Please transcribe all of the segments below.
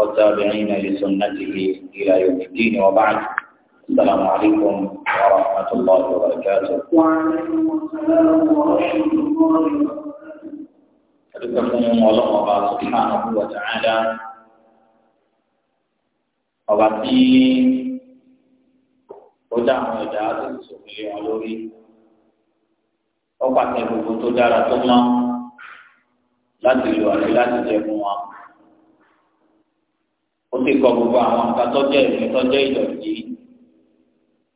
والتابعين لسنته إلى يوم الدين وبعد السلام عليكم ورحمة الله وبركاته وعليكم السلام ورحمة الله وبركاته الله سبحانه وتعالى وبعد ó dá àwọn ẹ̀dá sòfìlẹ ọpàtẹ gbogbo tó dára tó ná láti lò àti láti jẹ fún ó sì kọ gbogbo àwọn nǹkan tọ́jú ẹ̀mí tọ́jú ìdọ̀tí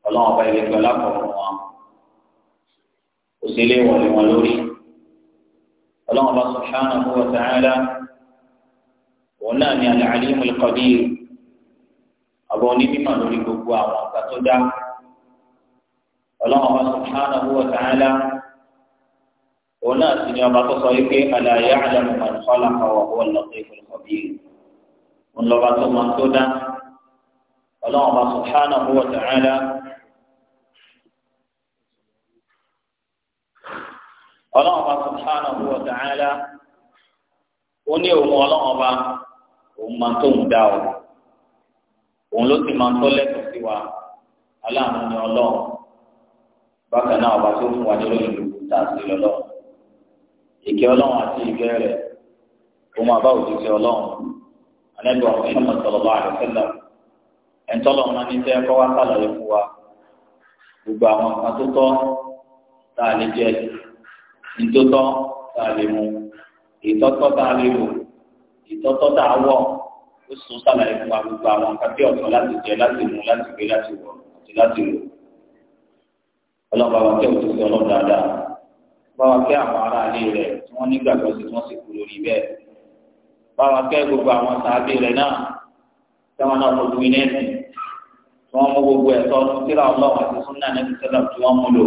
ọlọ́run ọba ìlẹ́gbẹ́ lápapọ̀ wọn ó sì lé wọlé wọn lórí ọlọ́run ọba subhanahu wa ta'ala òun náà ni al-alimul qadir àbọ̀ onímọ̀ lórí gbogbo àwọn nǹkan tó dá ọlọ́run ọba subhanahu wa ta'ala òun náà sì ni ọba tó sọ wípé ala ya'lamu man khalaqa ńlọba tó máa tó dá ọlọ́run ọba subhanahu wa ta'ala ọlọ́run ọba subhanahu wa ta'ala ó ní òun ọlọ́run ọba òun máa tó ń dá o òun ló sì máa tó lẹ́tọ̀ọ́ sí wa aláàánú ni ọlọ́run bákan náà ọba tó fún wa ní lóyún lóko tá a sì lọ́lọ́ ìkẹ́ ọlọ́run àti ìgbẹ́ rẹ̀ òun àbá òjijì ọlọ́run anabi wa muhammad sallallahu alaihi wasallam ẹ̀ńtọ́lọ̀ wọn ní tẹ́ kọ́ wá sàlàyé fún wa gbogbo àwọn kan tó tọ́ tá a lè jẹ nítòtọ́ tá a lè mu ìtọ́tọ́ tá a lè lò ìtọ́tọ́ tá a wọ̀ ó sùn sàlàyé fún wa gbogbo àwọn kan bí ọ̀tọ̀ láti jẹ láti mu láti gbé láti wọ̀ àti láti lò ọlọ́ba wa kẹ́ òtún sí dáadáa bá wa kẹ́ àwọn ará ilé rẹ̀ tí wọ́n nígbàgbọ́ sí tí wọ́n sì kú lórí bẹ́ẹ̀ báwa kẹ́ gbogbo àwọn sàábì rẹ̀ náà sẹ́wọ̀n náà mo gbin lẹ́sì tí wọ́n mú gbogbo ẹ̀tọ́ tíra ọlọ́run àti súnà ní sísẹ́lẹ̀ tí wọ́n mú lò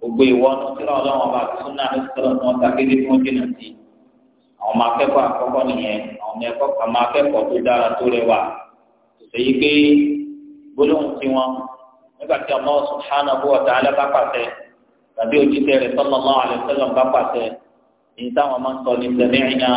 gbogbo ìwọ́nú tíra ọlọ́run àti súnà ní sísẹ́lẹ̀ tí wọ́n takéde tí wọ́n jìnà sí àwọn ọmọ akẹ́kọ̀ọ́ àkọ́kọ́ nìyẹn àwọn ẹ̀kọ́ àmọ́ akẹ́kọ̀ọ́ tó dára tó rẹwà èyí pé gbólóhùn tiwọn nígbà tí Allah subhanahu wa ta'ala bá pàṣẹ tàbí òjì tẹ̀rẹ̀ sallallahu alaihi wasallam bá pàṣẹ ní táwọn máa ń sọ ní sẹ́mẹ́rin náà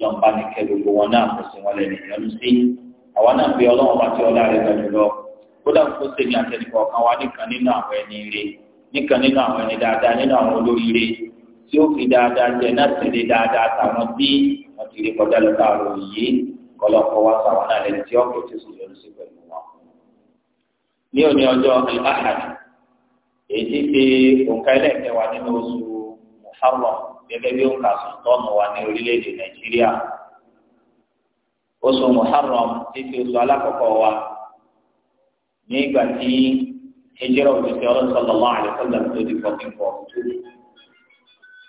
ọlọ́mọba ní kẹ́ gbogbo wọn náà kò sí wọn lẹ́nu ìyọnu sí àwa náà fi ọlọ́run bá ti ọlá rẹ̀ lọ jùlọ kódà kó sèmi àtẹnukọ kan wá nìkan nínú àwọn ẹni rè nìkan nínú àwọn ẹni dáadáa nínú àwọn olórí rè tí ó fi dáadáa jẹ náà tẹ̀lé dáadáa táwọn bí wọn ti rí kọjá lọ káàró yìí kọlọ́kọ́ wá sáwọn náà lẹ́ni tí ọ̀pọ̀ tí sùn lọ́dún sí pẹ̀lú wọn. ní òní ọjọ́ ìbáhàdì èyí ti ṣe òǹkà ẹlẹ́kẹ̀wá nínú oṣù Muharram gẹ́gẹ́ bí òǹkà sọ̀tọ́nù wa ní orílẹ̀-èdè nàìjíríà oṣù muharram títí oṣù alákọ̀ọ́kọ́ wa ní ìgbà tí hijira òṣìṣẹ ọlọsọlọlọ àlẹsọlọ tó di fourteen forty two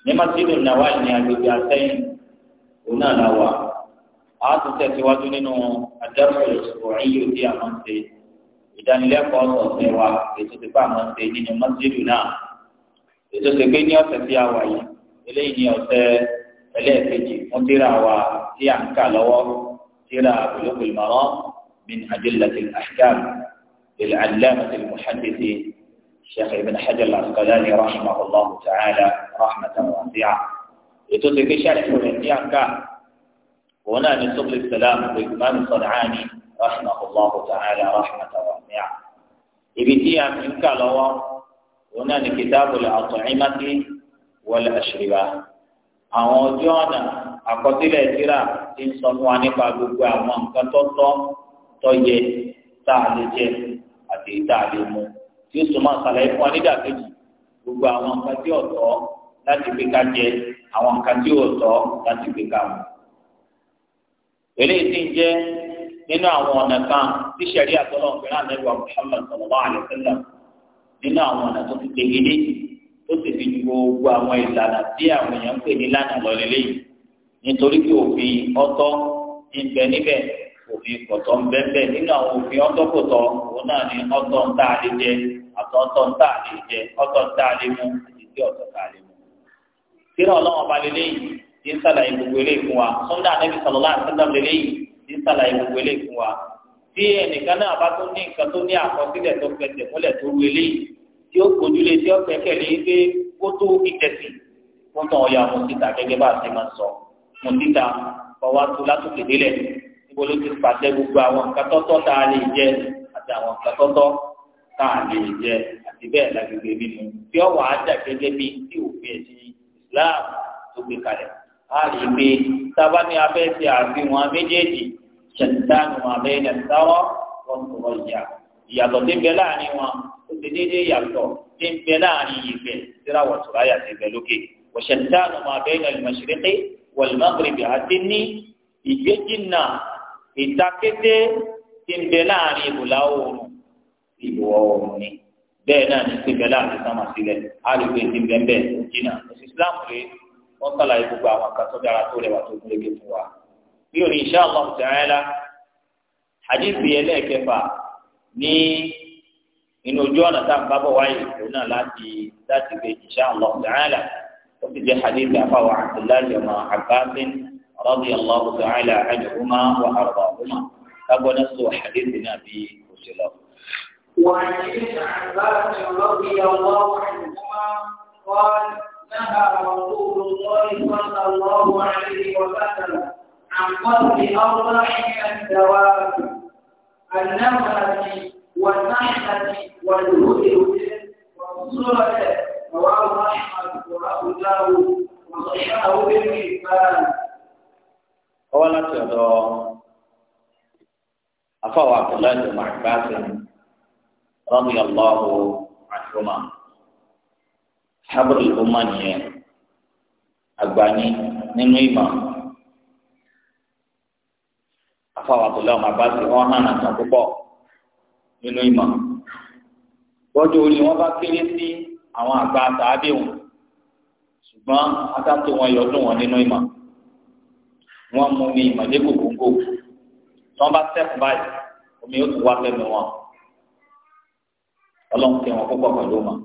ní masjid nawal ní agbègbè àtẹ̀yìn òun náà la wà á tún tẹ̀síwájú nínú adẹ́rùsọ ìṣòwòrìyí òdì àwọn ṣe ìdánilẹ́kọ̀ọ́ ọ̀sẹ̀ wa ètò ìpá ṣe nínú masjid náà ètò ìṣègbè ní ọ̀sẹ̀ tí a wà yìí. eléyìí ni ọ̀sẹ̀ ẹlẹ́ẹ̀kejì fún tíra wa tí a ń kà lọ́wọ́ tíra Bulughul Maram min adillatil ahkam lil'allamati al-muhaddith Shaykh Ibn Hajar al-Asqalani rahimahullahu ta'ala rahmatan wasi'ah ètò tèké sàlẹ̀ fúnni tí a ń kà wọn náà ní sọ́kùlù sàlám ìgbìmọ̀ San'ani rahimahullahu ta'ala rahmatan wasi'ah ibi tí a ń kà lọ́wọ́ wọn náà ní kìtàbù al-at'imati. wọlé àṣìríra àwọn ọjọ́ ọ̀nà àkọsílẹ̀ ìdíra ti ń sọ fún wa nípa gbogbo àwọn nǹkan tó tọ́ tó yẹ tá a lè jẹ àti tá a lè mu tí ó sọ máa ṣàlàyé fún wa nídàkejì gbogbo àwọn nǹkan tí ò tọ́ láti fi ká jẹ àwọn nǹkan tí ò tọ́ láti fi ká mu. eléyìí ti ń jẹ́ nínú àwọn ọ̀nà kan tí sẹ̀rí àtọ́lọ́ ọ̀gbìn náà lẹ́wọ̀ Muhammad sallallahu alaihi wasallam nínú àwọn ọ̀nà tó ti tẹ̀lé o sì fi ju gbogbo àwọn ìlànà tí àwọn èèyàn ń pè ní lánà lọ́lẹ́lẹ́ yìí nítorí pé òfin ọ̀tọ̀ ń bẹ níbẹ̀ òfin ń bẹ nínú àwọn òfin òun náà ni ọ̀tọ̀ ń tà lè jẹ àtọ̀ ọ̀tọ̀ ń tà lè jẹ ọ̀tọ̀ ń tà lè mú àti tí ọ̀tọ̀ tà lè mú. ọlọ́wọ́n wa sàlọ́lá àtẹ́sàm yìí ti ń sàlàyé gbogbo wa. tí ẹnìkan náà bá ní nǹkan tó ní àkọsílẹ̀ tó fẹsẹ̀ múlẹ̀ tó tí ó gbójúlé tí ó kẹ̀kẹ́ lé pé kó tó ìtẹ̀sí kó tàn ọ̀yà mọ̀títà gẹ́gẹ́ bá a ti máa sọ mọ̀títà ọwọ́ tó látòkè délẹ̀ níbo ló ti pàṣẹ gbogbo àwọn nǹkan tọ́tọ́ tá a lè jẹ àti àwọn nǹkan tọ́tọ́ tá a lè jẹ àti bẹ́ẹ̀ lágbègbè mímu tí ó wà gẹ́gẹ́ bí tí òfin ẹ̀sìn Islam tó gbé kalẹ̀ a lè gbé sábà ní abẹ́ ti àfihàn méjèèjì ṣèǹtánù àbẹ́ ìdàgbàsáró wọn sọ̀rọ̀ ìyà ìyàtọ̀ tí ó ti déédéé yàtọ̀ tí ń bẹ láàrin ìfẹ́ síra wọ̀ tó ráyà ti bẹ lókè wọ̀ṣẹ̀ntánù máa bẹ́ẹ̀ lọ ìmọ̀ṣẹ̀rẹ́kẹ́ wọ̀lùmọ́gbẹ̀rẹ̀bì àti ní ìgbéjìnà ìtakété tí ń bẹ láàrin ìbùlá oòrùn ìwọ̀ oòrùn ni bẹ́ẹ̀ náà ní ti bẹ láàrin sámà sílẹ̀ àlùkò ti bẹ́ẹ̀ bẹ́ẹ̀ jìnnà ìsìlámù rẹ̀ wọ́n sàlàyé gbogbo àwọn kan dára tó rẹwà tó gúnrégé fún wa bí òní insha nínú ojú ọ̀nà tá à ń bábọ̀ wáyé òun náà láti láti gbé insha Allah ta'ala ó ti jẹ́ hadith afáwọ̀ Abdullahi ọmọ abáfin radiyallahu ta'ala anhuma wa ardahuma lágbọ́n sọ hadith náà bí kò sí lọ. وعن ابن عباس رضي الله عنهما قال نهى رسول الله صلى الله عليه وسلم عن قتل أربع من الدواب النملة والنحلة والهدهد والصلة رواه أحمد وأبو داود وصححه ابن حبان. قال أفوى عبد الله بن عباس رضي الله عنهما حبر الأمة أغباني نميمة afawa tó lọ́wọ́ máa bá ti wọ́n hàn àtàn púpọ̀ nínú ìmọ̀ bọ́jú orí wọn bá kéré sí àwọn àgbà àtàdé wọn ṣùgbọ́n atátó wọn yọdún wọn nínú ìmọ̀ wọn mú mi ìmọ̀ dé kòkòǹkò tí wọn bá sẹ́kù báyìí omi yóò tún wá fẹ́mi wọn ọlọ́run tẹ wọn púpọ̀ pẹ̀lú wọn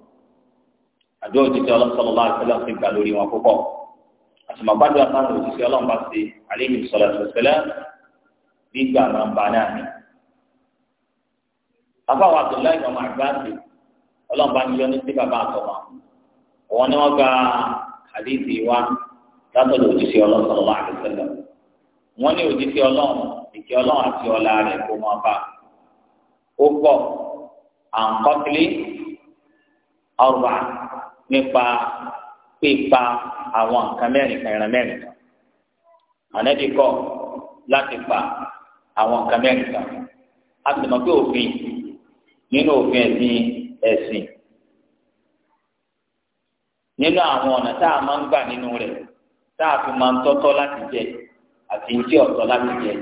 àjọ òjijì ọlọ́sọ̀rọ̀ láti ṣẹlẹ̀ ti gbà lórí wọn púpọ̀ àtìmọ̀gbádùn àtàwọn òjijì ọlọ́run bá ṣe àléhìn sọ̀rọ̀ ṣẹlẹ̀ gbígbà máa ń ba náà ni bàbá wa Abdullahi ọmọ àgbáàsì ọlọ́mọba nílò ní sí bàbá àtọ̀mọ́ òun ni wọ́n gba àdéhìí wa látọ̀dọ̀ òjíṣẹ́ ọlọ́run sọ̀rọ̀ àdéhìí wọ́n ní òjíṣẹ́ ọlọ́run ìkẹ́ ọlọ́run àti ọlá rẹ̀ kó máa bá ó kọ́ àǹkọ́tìlì ọ̀rọ̀ nípa pípa àwọn nǹkan mẹ́rin kan ìran mẹ́rin kan ànẹ́bí kọ́ láti pa àwọn nǹkan mẹ́rin kan a sì mọ̀ pé òfin nínú òfin ẹ̀sìn ẹ̀sìn nínú àwọn ọ̀nà tá a máa ń gbà nínú rẹ̀ tá a fi máa ń tọ́tọ́ láti jẹ àti tí ọ̀tọ̀ láti jẹ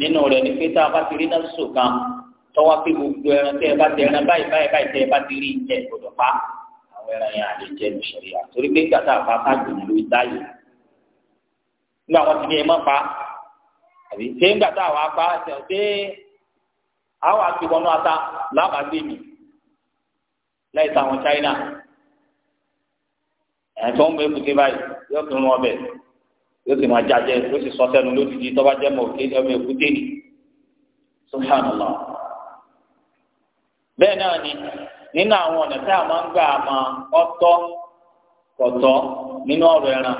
nínú rẹ̀ ni pé tá a bá ti rí náà sòkan tọ́wọ́ pé gbogbo ẹran tẹ́ ẹ bá ti ẹran báyìí báyìí báyìí tẹ́ ẹ bá ti rí ìjẹ gbọdọ̀ pa àwọn ẹran yẹn àlè jẹ lùsọ̀rì à torí pé gbàtà àpá káàdì ló dáyé nígbà wọn ti ní ẹ mọ́ pa àbí ṣé ń gbàtà àwọn apá ṣe àwọn àfihàn ata lábàgbé mi láì sáwọn China ẹ̀tọ́ ń bẹ kùtì báyìí yóò fi wọn bẹ̀ yóò sì máa jáde yóò sì sọ sẹ́nu lójijì tọ́ba jẹ́ mọ̀ òkè ọmọ èkúté ni subhanallah bẹ́ẹ̀ náà ni nínú àwọn ọ̀nà tí a máa ń gbà máa ọ̀tọ̀ kọ̀tọ̀ nínú ọ̀rọ̀ ẹran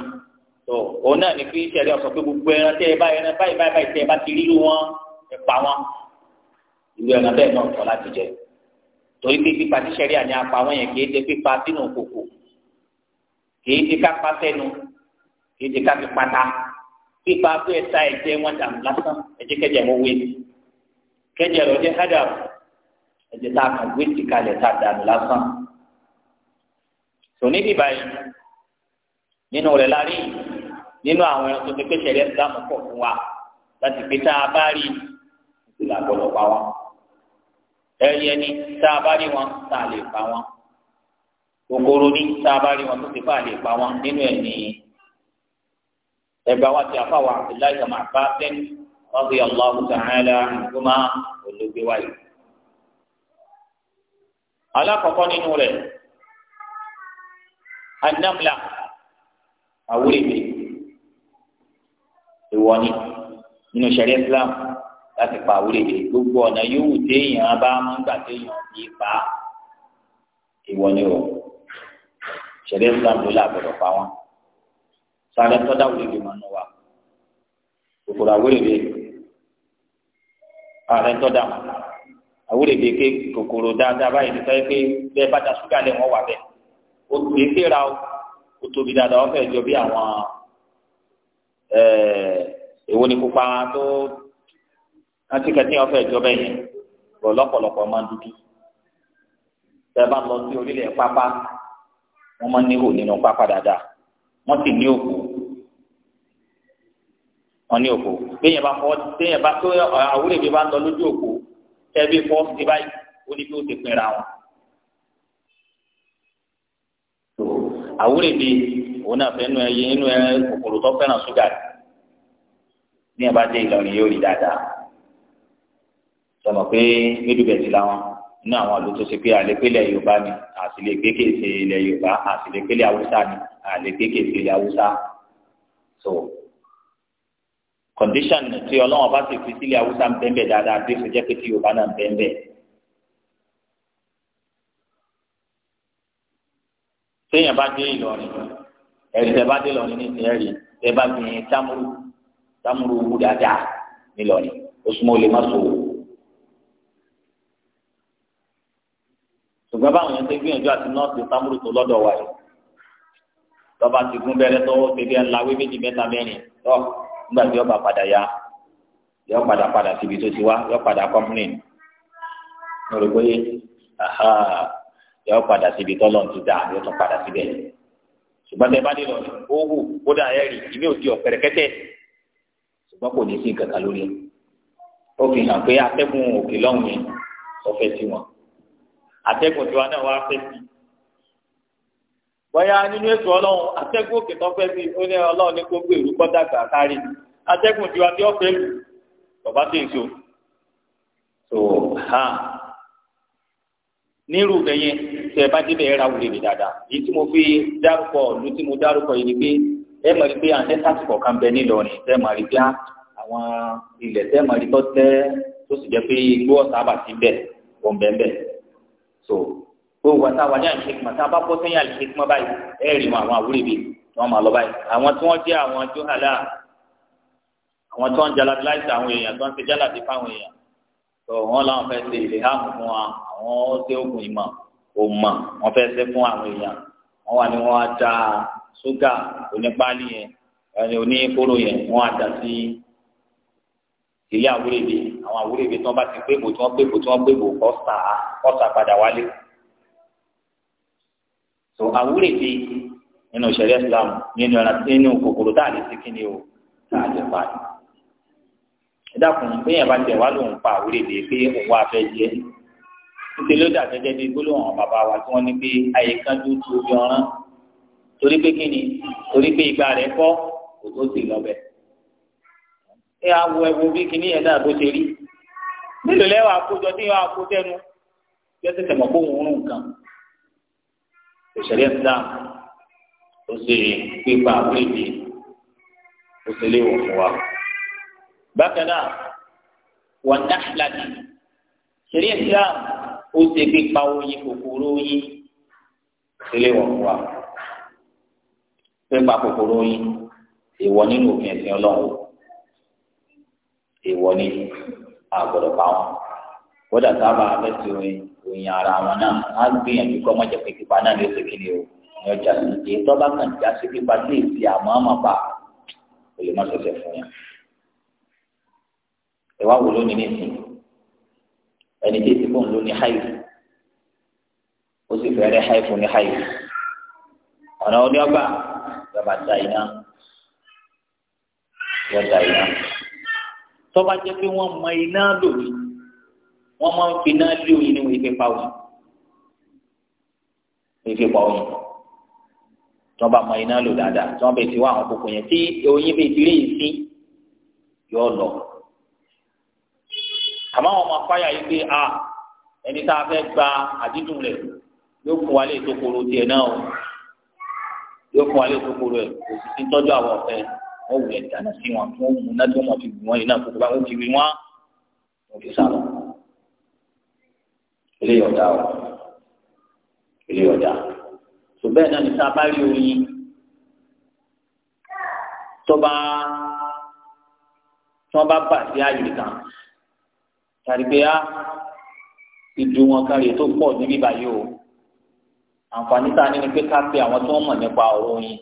tó òun náà ni pé ìṣẹ̀lẹ̀ ọ̀sọ̀ pé gbogbo ẹran tẹ́ ẹ bá ẹran báyìí báyìí tẹ́ ẹ bá ti rí wọn ẹ pa wọn ìwé ọ̀nà bẹ́ẹ̀ náà tọ́ láti jẹ torí pé pípa tí sẹ́ríà ní apá wọn yẹn kì í ṣe pípa sínú kòkò kì í ṣe ká pa sẹ́nu kì í ṣe ká fi pata pípa pé ẹ̀ta ẹ̀jẹ̀ wọn dà lásán ẹ̀jẹ̀ kẹjẹ̀ wọn wé kẹjẹ̀ rẹ̀ ọjẹ́ hádà ẹ̀jẹ̀ tá a kàn gbé ti kalẹ̀ tá a dà lásán tòní bíbá yìí nínú rẹ̀ la rí nínú àwọn ẹran tó ti pé sẹ́ríà ti dáàmú pọ̀ fún wa láti pé tá a bá rí ìlàgbọ̀dọ̀ ẹ̀rí ẹni tá a bá rí wọn tá a lè pa wọn kòkòrò ní tá a bá rí wọn tó ti fà lè pa wọn nínú ẹ̀ ní ẹgbẹ́ wa ti àfàwọ̀ Abdullahi ọmọ àbá sẹ́ni wọ́n fi ọlọ́wọ́ sàhánilá ìgbọ́mọ olóògbé wáyé. alákọ̀ọ́kọ́ nínú rẹ̀ anamla awúrẹ́bẹ̀ ìwọ ni nínú sẹ̀rí Islam láti pa àwúrèdè gbogbo ọ̀nà yòówù téèyàn bá mú gbà téèyàn kì í pa ìwọ ni o ṣẹlẹ̀ islam ló làgbọdọ pa wọn sáré tọdà àwúrèdè máa ń wà kòkòrò àwúrèdè ààrẹ tọdà àwúrèdè ké kòkòrò dáadáa báyìí ti sọ pé bẹ́ẹ̀ bá ta ṣúgà lẹ wọn wà bẹ́ẹ̀ o kì í kéra o o tóbi dáadáa wọn fẹ́ẹ̀ jọ bí àwọn èwo ni pupa tó àti kẹtí ọ̀fẹ́ ìjọba yẹn bọ lọ́pọ̀lọpọ̀ máa dúdú tẹ bá lọ sí orílẹ̀ pápá wọ́n máa níhò nínú pápá dáadáa wọ́n sì ní òkú wọ́n ní òkú béèyàn bá fọwọ́ béèyàn bá tó àwúrẹ̀ bí bá ń lọ lójú òkú tẹ bí fọwọ́ sí báyìí ó ní bí ó ti pinra wọn. àwúrẹ̀ bí òun náà fẹ́ nu ẹyẹ inú ẹ kòkòrò tó fẹ́ràn ṣúgà ní ẹ bá dé Ìlọrin yóò rí dáadáa sọmọ pé mídùbẹ̀tì làwọn inú àwọn àlọ́ tó ṣe pé àlépélé yorùbá ni àtìlẹ́gbé kèsè ilẹ̀ yorùbá àtìlẹ́gbélé haúsá ni àlẹ́gbé kèsè ilẹ̀ haúsá so condition tí ọlọ́wọ́n bá ti fi sílẹ̀ haúsá ń bẹ́ẹ̀ bẹ́ẹ̀ dáadáa bí ó ṣe jẹ́ pé tí yorùbá náà ń bẹ́ẹ̀ bẹ́ẹ̀. téèyàn bá dé Ìlọrin ẹ̀rí tẹ́ bá dé Ìlọrin ní ìsìnyẹ́ rí tẹ́ bá gbìn tamuru tamuru wú dáadáa ní Ìlọrin ó súnmọ́ olè má sòwò ṣùgbọ́n báwọn yẹn ti gbìyànjú àti nọ́ọ̀sì sámúrù tó lọ́dọ̀ wa yìí lọ́ba ti gún bẹ́rẹ́ tó bébí ẹ̀ ńláwé méjì mẹ́ta mẹ́rin tó nígbà tí ọba padà ya yọ padà padà síbi tó ti wá yọ padà kọ́mùnì lórí pé yọ padà síbi tọ́lọ̀ ti dà yọ tún padà síbẹ̀ ṣùgbọ́n tẹ bá nílò ó wù kódà ẹ̀ rí ìmí ò ti ọ̀pẹ̀rẹ̀kẹ́tẹ̀ ṣùgbọ́n kò ní sí nǹkan kan lórí ó fi hàn pé atẹ́gùn òkè lọ́hùn yẹn ọ̀fẹ́ sí wọn atẹ́gùn tiwa náà wá fẹ́ sí i bọ́yá nínú ètò ọlọ́run atẹ́gùn òkè tó fẹ́ sí i ó ní ọlọ́run ní kó gbèrú kọ́ dàgbà kárí atẹ́gùn tiwa tí ó fẹ́ lù bàbá tó èso tó ha nírú bẹ́yẹn tẹ bá débẹ̀ ẹ̀ra wùlé mi dáadáa èyí tí mo fi dárúkọ ọ̀lú tí mo dárúkọ yìí ni pé ẹ mọ̀ rí pé àǹtẹ́sàtì kọ̀ọ̀kan bẹ nílọrin ẹ mọ̀ rí pé àwọn ilẹ̀ tẹ́ mọ̀ rí tọ́ tó sì jẹ́ pé igbó ọ̀sà àbàtì bẹ̀ wọ̀n bẹ́ẹ̀ bẹ́ẹ̀ so o wa táwa ní àlìkékùmá tá a bá kó sẹ́yìn àlìkékùmá báyìí ẹ rí wọn àwọn àwúrẹ́ bíi wọn máa lọ báyìí àwọn tí wọ́n jẹ́ àwọn tó hàlà àwọn tó ń jalabi láìsí àwọn èèyàn tó ń ṣe jalabi fáwọn èèyàn tó wọn làwọn fẹ́ ṣe ilé hàmù fún wa àwọn ṣe oògùn ìmọ̀ òmọ̀ wọn fẹ́ ṣe fún àwọn èèyàn wọn wà ní wọn á da ṣúgà onípáálí yẹn oníkóró yẹn wọn á dà sí ilé àwúrẹ́ bíi àwọn àwúrò ibi tí wọ́n bá ti pé bò tí wọ́n pé bò tí wọ́n pé bò kọ́ sà á kọ́ sà padà wálé. tó àwúrò ibi nínú ìṣẹ̀lẹ̀ Islam nínú ẹran nínú kòkòrò tá a lè ti kí ni o tá a lè pa ni. ẹ dákun bẹ́ẹ̀ bá tẹ̀ wá lòun pa àwúrò ibi pé òun wá fẹ́ jẹ́ títí ló dà gẹ́gẹ́ bí bàbá wa tí wọ́n ní pé ayé kan tó tu omi ọ̀rán torí pé kí ni torí pé ìgbà rẹ̀ fọ́ kò tó sì lọ bẹ́ẹ̀ ẹ awọ ẹwọ bí kíní ẹ̀ dáa bó ṣe rí mélòó lẹ́wọ̀ àkójọ tí yóò àkó tẹnu yóò tẹ̀sẹ̀ mọ̀ kó òun rún nǹkan ìṣẹ̀lẹ̀ Islam ó ṣe pípa àpéjì ó ṣe léwọ̀ fún wa. bákan náà wọn náà láti ṣẹ̀lẹ̀ Islam ó ṣe pípa oyin kòkòrò oyin ó ṣe léwọ̀ fún wa pípa kòkòrò oyin èèwọ̀ nínú òfin ẹ̀sìn Ọlọ́run èèwọ̀ ni àgbọ̀dọ̀ bá wọn kódà sábà abẹ́sí orin oyin ara wọn náà á gbìyànjú kọ́ mọ́jà pé pípa náà ní oṣù kìíní o ní ọjà sí èyí tó bá kàn já sí pípa sí èsì àmọ́ àmọ́ pa kò lè má ṣẹ̀ṣẹ̀ fún yàn. ẹ wá wò lónìí nìsín ẹni tí èsì fóun ló ní háì ó sì fẹ́rẹ́ háì fún ní háì ọ̀nà oníọ́gbà yọba da iná yọba tọ́ba jẹ́ pé wọ́n mọ iná lò ní wọ́n máa ń fi iná lé oyin ní wọ́n fi pa oyin wọ́n fi pa oyin tọ́ bá mọ iná lò dáadáa tí wọ́n bẹ ti wá àwọn kókó yẹn tí oyin bẹ ti rí yìí sí yọ lọ àmọ́ àwọn ọmọ afáyà yìí pé a ẹni tá a fẹ́ gba àdídùn rẹ̀ yóò fún wa lè tó koro tiẹ̀ náà o yóò fún wa lè tó koro ẹ̀ kò sì ti tọ́jú àwọn ọ̀fẹ́ wọn wulẹ̀ dáná sí wọn tó wọn mú náà tó wọn fi wù wọn iná tó tó bá wọn ti wí wọn wọn fi sálọ. ilé ọ̀dà o ilé ọ̀dà tó bẹ́ẹ̀ náà ní sá bá rí oyin tó bá tó bá bà sí àyè kan tàbí pé á ìdùn wọn kárí tó pọ̀ níbí báyìí o àǹfààní tá ní ni pé ká pe àwọn tó ń mọ̀ nípa ọ̀rọ̀ oyin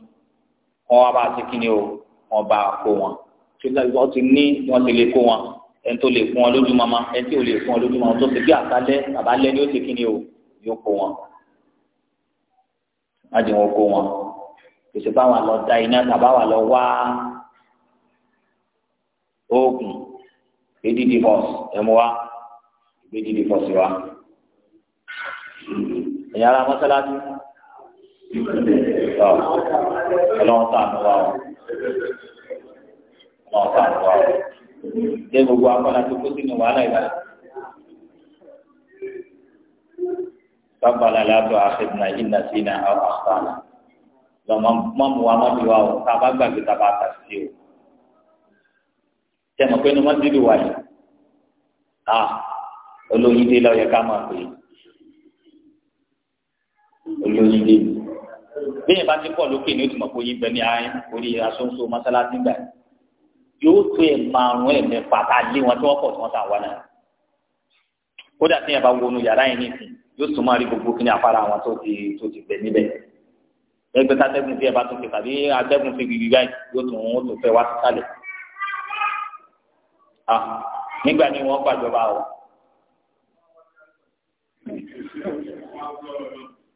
wọn wá bá a ti kí ni o wọn bá kó wọn tí wọn ti ní wọn ti lè kó wọn ẹni tó lè fún wọn lójú mama ẹni tí ò lè fún wọn lójú mama tó ti bí àtàlẹ àbálẹ ni ó ti kíni o yóò kó wọn má jẹ wọn kó wọn kòsì bá wà lọ da iná tàbá wà lọ wá oògùn gbẹdìdì bọ́ọ̀sì ẹmu wa gbẹdìdì bọ́ọ̀sì wa ẹ̀yin ara mọ́sálásí ọlọ́run tó àná wa o ọ̀pá àgbà rẹ̀ ṣé gbogbo akọ́nà tó kó sínú wàhálà ìbára. ربنا لا تؤاخذنا إن نسينا أو أخطأنا lọ́mọ mọ́mú wa mọ́mú wa o tá a bá gbàgbé tá a bá ta sí o tẹmọ pé ní wọ́n ti lù wá yìí a olóyin dé lọ́yẹ ká máa pè é olóyin dé bẹ́ẹ̀ bá ti pọ̀ lókè ní o ti mọ̀ pé oyin bẹ ní ayé orí asọ́nso mọ́sálásí gbà yìí yóò tó ẹ̀ márùn ẹ̀ mẹ́fà tá a lé wọn tí wọ́n pọ̀ tí wọ́n tà wá náà kódà tí yẹn bá wọnú yàrá yẹn nìsín yóò tún máa rí gbogbo kíni afárá wọn tó ti tó ti bẹ níbẹ̀ ẹgbẹ́ tàtẹ́gùn tí ẹ bá tún fi tàbí atẹ́gùn fi gbìgbì báyìí yóò tún ó tún fẹ́ wá sísàlẹ̀ nígbà ni wọ́n gbàjọba o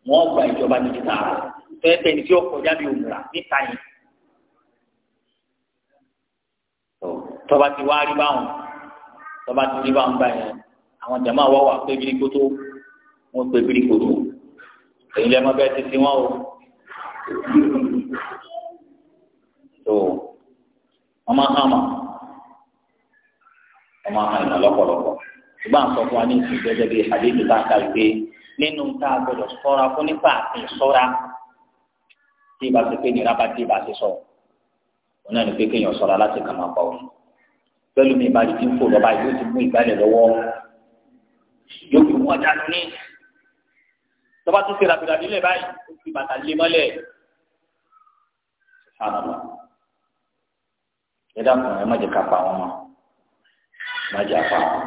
wọ́n gba ìjọba níbi tààrà fẹ́ẹ́ tẹni tí ó kọjá bí òmùrà níta yẹn. tọba ti wá rí báwọn tọba ti rí báwọn báyẹn àwọn jama wọ wà pé bírí kótó wọn pé bírí kótó èyí lẹ mọ bẹ́ẹ̀ títí wọn o tó wọn máa hàn mà wọn máa hàn ìmọ̀ lọ́pọ̀lọpọ̀ ṣùgbọ́n àǹsọ̀ fún wa ní ìsìn gẹ́gẹ́ bí àdéhùn tá a kà pé nínú tá a gbọdọ̀ sọ́ra fún nípa àti sọ́ra tí ìbá ti pé nira bá tí ìbá ti sọ òun náà ní pé kéèyàn sọ́ra láti kà máa pa òun pẹ̀lú mi ìbàdí tí ń fò lọ́ba yóò ti mú ìgbálẹ̀ lọ́wọ́ yóò fi wọ́n jáde ní. tọ́ba tún ṣe ràbìrà nílẹ̀ báyìí ó fi bàtà lé mọ́lẹ̀. sàrànà ẹ dákun ẹ má jẹ ká pa wọn mọ́ má jẹ àpá wọn.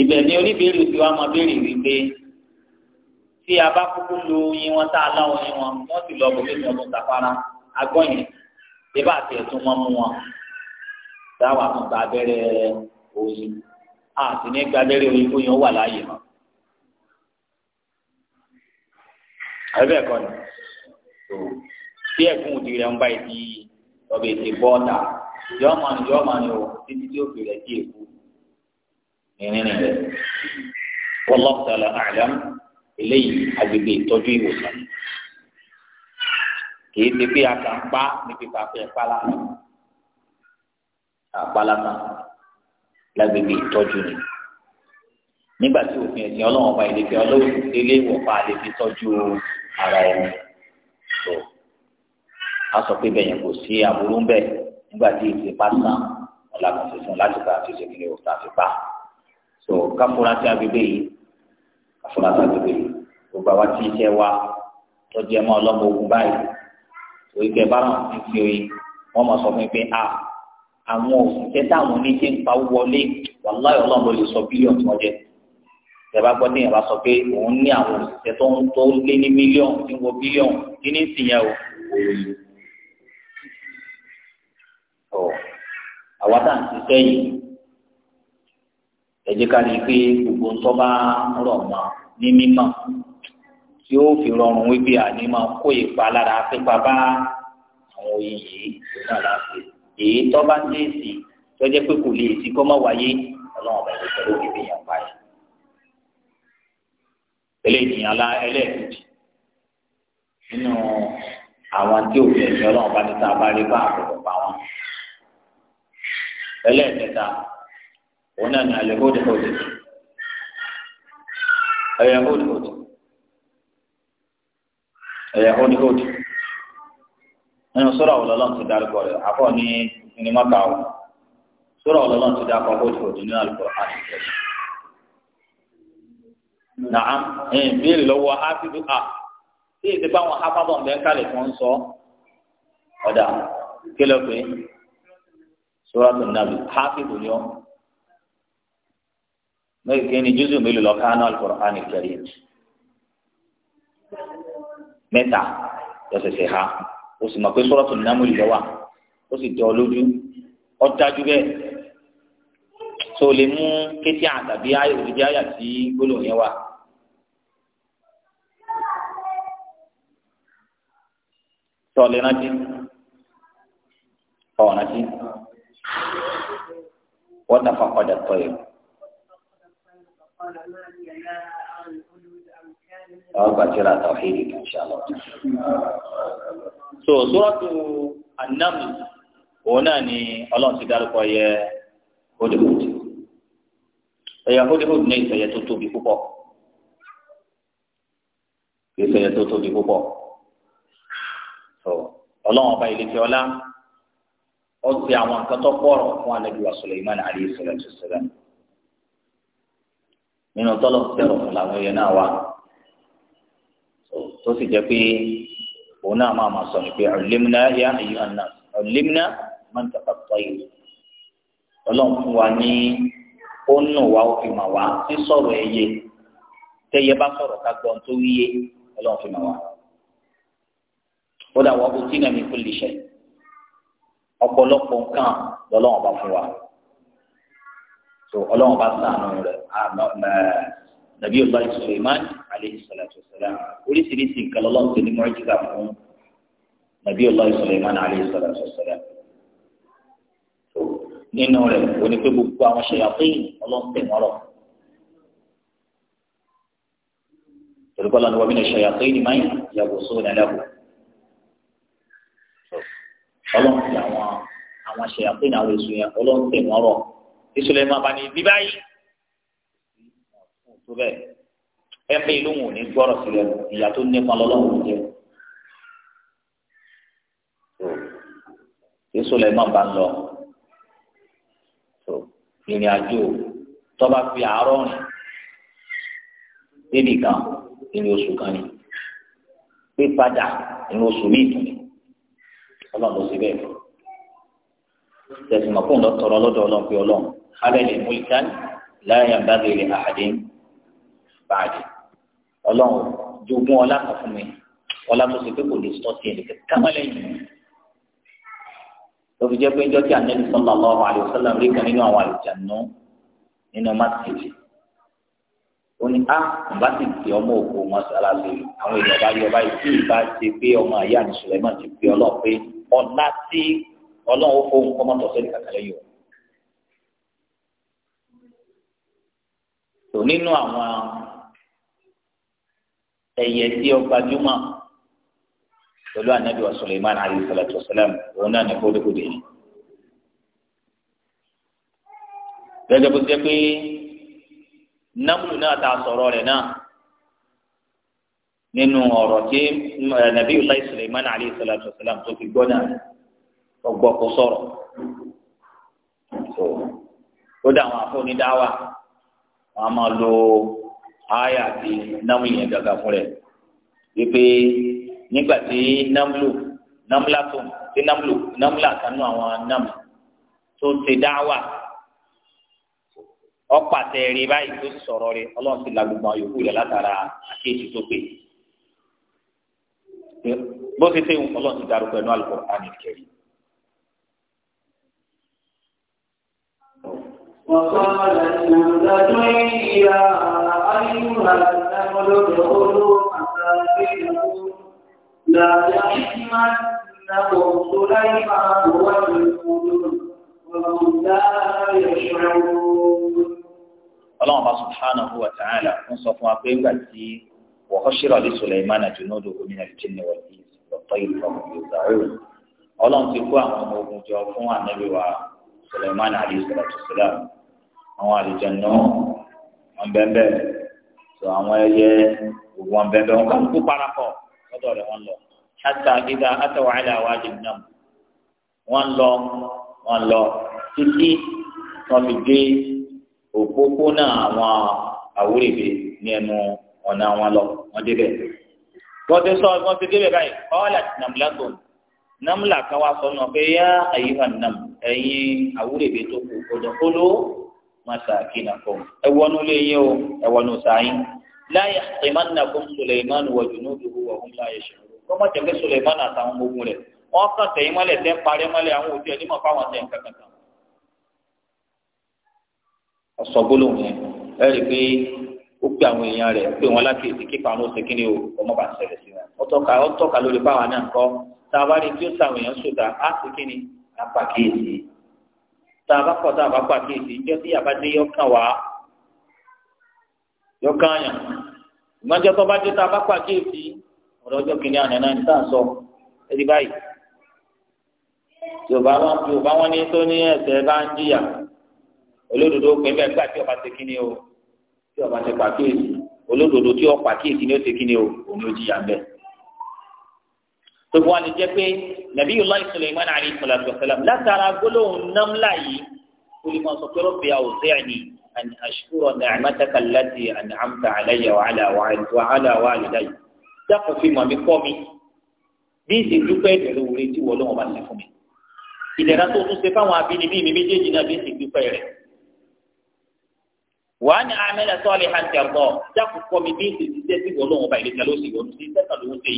ìbẹ̀ ni oníbèrè tí wàá máa béèrè wípé tí a bá kúkú lu oyin wọn tá a láwọn oyin wọn wọ́n sì lọ bọ̀ pé wọ́n tún tàfara agọ́ ìbá àti ẹ̀tún wọn mú wọn dáwà tó gba abẹ́rẹ́ oyin a sì ní gba abẹ́rẹ́ oyin kó yẹn wà láàyè mọ́. ẹbẹ kọ ni tó tí ẹkún òdi rẹ ń bá ìdí ọbẹ ètè bọ́ọ̀dà yọọma ni yọọma ni o títí tí ó fi rẹ dí èkú ìrìnrìn rẹ wọlọ́pùtàlà àlám eléyìí agbègbè ìtọ́jú ìwòsàn kì í ti pé a kà ń pa níbi pàpẹ́ ìpalá àpálámà lágbègbè ìtọ́jú ni nígbà tí òfin ẹ̀sìn ọlọ́run ọba ìlẹ́fẹ́ ọlọ́run ilé ìwọ̀fà lè fi tọ́jú ara ẹni tó a sọ pé bẹ́ẹ̀ yẹn kò sí aburú ń bẹ̀ nígbà tí ìṣe pásítà ọ̀làkùn tuntun láti gba àtúnṣe kiri òkúta àfipá so káfúrásì agbègbè yìí káfúrásì agbègbè yìí gbogbo àwa tí iṣẹ́ wa tọ́jú ẹ̀ mọ́ ọlọ́mọ ogun báyìí òyìnbẹ́ bá ràn fi fi oyin wọ́n mọ̀ sọ fún mi pé a. Ah, àwọn òṣìṣẹ́ táwọn oníṣẹ́ ń pa wọlé wàláyé ọlọ́run ló lè sọ bílíọ̀nù tí wọ́n jẹ ìjọba gbọ́ tí ìyàbá sọ pé òun ní àwọn òṣìṣẹ́ tó ń tó lé ní mílíọ̀nù tí ń wọ bílíọ̀nù kí ní sìn yẹn o tó àwa tá à ń ṣiṣẹ́ yìí ẹ ká rí pé gbogbo ń rọ̀ mọ́ ní mímọ́ tí ó fi rọrùn wípé àní máa kó ìpalára pípa bá àwọn oyè yìí tó náà láti èyí tó bá ń tẹ̀sí tó jẹ́ pé kò lè sí kó má wáyé ọlọ́run ọba ìgbésẹ̀ ló fi yàn pa ẹ̀. eléyìí alá ẹlẹ́ẹ̀kejì nínú àwọn tí òfin ẹ̀sìn ọlọ́run bá ti ta bá bá àkókò pa wọn. ẹlẹ́ẹ̀kẹta òun náà ní alẹ́ hóde hóde ẹ̀yẹ hóde hóde ẹ̀yẹ hóde hóde nínú sọ́rọ̀ àwọn ọlọ́run ti dárúkọ rẹ̀ àkọ́ ní ní mọ́ta o sọ́rọ̀ ọlọ́run ti dárúkọ bó ti òdì nínú àlùkò àti ìṣẹ̀lẹ̀. nàá ẹ̀yìn béèrè lọ́wọ́ áfíìdù a tí èdè bá wọn áfábọ̀ ń bẹ́ kálẹ̀ fún sọ ọ̀dà kí pé sọ́rọ̀ tó nàbì áfíìdù yọ mẹ́kẹ́ ni jùzù mélòó lọ́ka náà àlùkò àti ìṣẹ̀lẹ̀ mẹ́ta lọ́sẹ̀sẹ̀ ha o sì mọ̀ pé sọ́rọ́tò nàmú ìlọ wà ó sì jọ lójú ó dájú bẹ́ẹ̀ tó lè mú kétí àtàbí òdìdí àyà tí gbólóhùn yẹn wà. tọ́lẹ̀ rántí ọ̀ rántí wọ́n tàfà padà tọ́ yẹn ọgbàjọra tàwíìdì kan ṣàlọ. so sọ́ọ̀tù anam òun náà ni ọlọ́run ti dárúkọ yẹ hudhud ẹ̀yà hudhud ní ìfẹ̀yẹ tó tóbi púpọ̀ ìfẹ̀yẹ tó tóbi púpọ̀ so ọlọ́run ọba ìlẹ̀kẹ́ ọlá ó ti àwọn nǹkan tó pọ̀rọ̀ fún anabi wa Sulaiman Ali salatu salam nínú tọ́lọ̀ tẹ̀rọ̀ fún làwọn yẹn náà wà tó sì jẹ́ pé òun náà máa máa sọ ní pé ọ̀lẹ́mìnà yá ayé àná ọ̀lẹ́mìnà máa ń tàkà tọ́ yìí ọlọ́run fún wa ní ó ń nù wá ó fi mà wá sí sọ̀rọ̀ ẹyẹ tẹ́yẹ bá sọ̀rọ̀ ká gbọ́n tó yíyé ọlọ́run fi mà wá kódà wọ́n kú tí nàmi kú lè ọ̀pọ̀lọpọ̀ nǹkan lọ́lọ́run bá fún wa ọlọ́run bá sànù rẹ̀ nàbí ọba Suleiman aleyhi salatu salam oríṣiríṣi nǹkan lọ́lọ́run tó ní mọ́jísà fún nàbí ọba Suleiman aleyhi salatu salam. nínú rẹ̀ òní pé gbogbo àwọn ṣèyàpín ọlọ́run tẹ̀ wọ́n rọ̀. tòlùkọ́ lọ́nà wọ́n bí ní ṣèyàpín ní máyì yàgò sóun ẹlẹ́kù. ọlọ́run ti àwọn àwọn ṣèyàpín àwọn èso yẹn ọlọ́run tẹ̀ wọ́n máa bá ní bíbáyìí tó bẹ́ẹ̀ ẹ pé ìlú wọn ò ní gbọ́rọ̀ sí rẹ ìyá tó nípa lọ́lọ́run jẹ yéṣu lẹ má ba ń lọ ìrìn àjò tọ́ba fi àárọ̀ rìn débì kan ìrìn oṣù kan ni pípadà ìrìn oṣù míì tún ni ọlọ́run ló ṣe bẹ́ẹ̀ fún tẹ̀sùn lọ tọrọ lọ́dọ̀ ọlọ́run pé ọlọ́run abẹ́lẹ̀ mú ìtàn láyà bá lè àhàdé báàdì ọlọ́run jogún ọlá kan fún mi ọlá tó ṣe pé kò lè sọ sí ẹnìkan kámẹ́lẹ́ yìí ló fi jẹ́ pé ńjọ́ tí anabi sallallahu alaihi wasallam rí kan nínú àwọn àlùjánu nínú másìkì ó ní a ah, bá sì pé ọmọ òkú mọ́sálásí àwọn èèyàn bá yọ báyìí tí ìbá ti pé ọmọ àyà ní Sulaiman ti pé ọlọ́ọ̀ pé ọ̀la tí ọlọ́run ó fóun kọ́ mọ́tò sẹ́ni kàkàlẹ́ yìí tò nínú àwọn ẹyẹ tí ó gbajúmọ̀ pẹ̀lú anabi wa Suleiman alayhi salatu wa salam òun náà ní kódekóde yìí. gẹ́gẹ́ bó ṣe pé námúlù náà ta sọ̀rọ̀ rẹ̀ náà nínú ọ̀rọ̀ tí nàbí ulai Suleiman alayhi salatu tó fi gbọ́ náà ọgbọ́ kó sọ̀rọ̀ tó dà wọn àfọ̀ wọn a máa lo aya ti namu yẹn gàgà fún rẹ̀ wípé nígbà tí namlu namlatu tí namlu namla kanú àwọn nam tó ṣe dáwà ọpàtẹ rí báyìí tó sọ̀rọ̀ rẹ̀ Ọlọ́run ti la gbogbo àyòkù rẹ̀ látara àkéjì tó pè bó ti ṣe ń ti darúgbọ ẹnu Al-Qur'an al وقال النملة يا أيها النمل ادخلوا مساكنكم لا يحكمنكم سليمان والجنود وهم لا يشعرون ọlọ́run bá subhanahu wa ta'ala ń sọ fún wa pé nígbà tí wọ́n ṣíra lé suleimana junudu omina jinni wal insi lọ́tọ́ ìfọ̀mù yorùbá ọlọ́run ti kó àwọn ọmọ ogun jọ fún ànábì wa suleimana alayhi salatu salam àwọn àlùjànnú wọn bẹ́ẹ̀ tó àwọn ẹyẹ gbogbo wọn bẹ́ẹ̀ wọn kàn kú parapọ̀ lọ́dọ̀ rẹ̀ wọn lọ hatta idha ataw ala wadi nam wọn lọ wọn lọ títí wọn fi dé òpópónà àwọn àwúrẹ́bẹ̀ ní ẹnu ọ̀nà wọn lọ wọn débẹ̀ wọ́n ti sọ wọ́n ti débẹ̀ báyìí ọ́ọ́lá nàmúlàtò nàmúlà kan wá sọ náà yá àyíká nàm ẹ̀yin àwúrẹ́bẹ̀ tó kù kọjọ́ kóló masakinakum ẹwọnu lè yẹ o ẹwọnu sáyìn láyé àtìmánàkùn suleiman wà junuduhu wà hum láyé ṣòro kọ́mọ jẹ́pẹ́ suleiman àtàwọn gbogbo rẹ̀ wọ́n kàn tẹ̀yìn mọ́lẹ̀ tẹ́ parí mọ́lẹ̀ àwọn òbí ẹni mọ̀ fáwọn tẹ̀yìn kankan. ọ̀sọ̀ gbólóhùn yẹn ẹ rí i pé ó pe àwọn èèyàn rẹ̀ pé wọ́n láti èsì kíkà àwọn òsèké ni ọmọ bá ṣẹlẹ̀ sí wọn. ó tọ́ka ó tọ́ka lórí báwa náà kọ́ tá a bá rí tí ó tá a bá kọ̀ tá a bá pa kéèsì ìjọ tí yàrá dé yọ kàn wá yọ kàn yàn ìmọ̀jọ́ tó bá dé tá a bá pa kéèsì ọ̀rọ̀ ọjọ́ kìnìún àná náà ní tá a sọ ẹ̀rí báyìí yorùbá wọn yorùbá wọn ní tó ní ẹsẹ̀ bá ń jìyà olódodo pé bẹ́ẹ̀ gbà tí ọba ti kíni o tí ọba ti pa kéèsì olódodo tí ọpa kéèsì ni ó ti kíni o òun ló jìyà bẹ́ẹ̀ gbogbo wa lè jẹ pé nàbí yìí láì sọlẹ ìmọ̀ àlẹ́ ìsọlẹ àtọ̀sẹlẹ látara gbólóhùn námlà yìí olùmọ̀ sọ pé rọ́bì yà òzẹ́ẹ̀ni àni àṣùkúrọ̀ nàìmátàkà láti àni àmta àlẹ́yà wàhálà wàhálà wàhálà yìí dákọ̀ fi mọ̀ mi kọ́ mi bí ìsì dúpẹ́ ìdẹ̀rù rẹ tí wọ́n lọ́wọ́ bá ti fún mi ìdẹ̀rà tó tún ṣe fáwọn abínibí mi méjèèjì náà bí ìsì dúpẹ́ rẹ̀ wà ní amẹ́lẹ̀ sọ́ọ̀lì hàn tẹ̀ bọ̀ dákọ̀ kọ́ mi bí ìsì ti tẹ́ wọ́n lọ́wọ́ bá ìrẹsẹ̀ lọ́sì wọ́n ti tẹ́tà lówó ṣe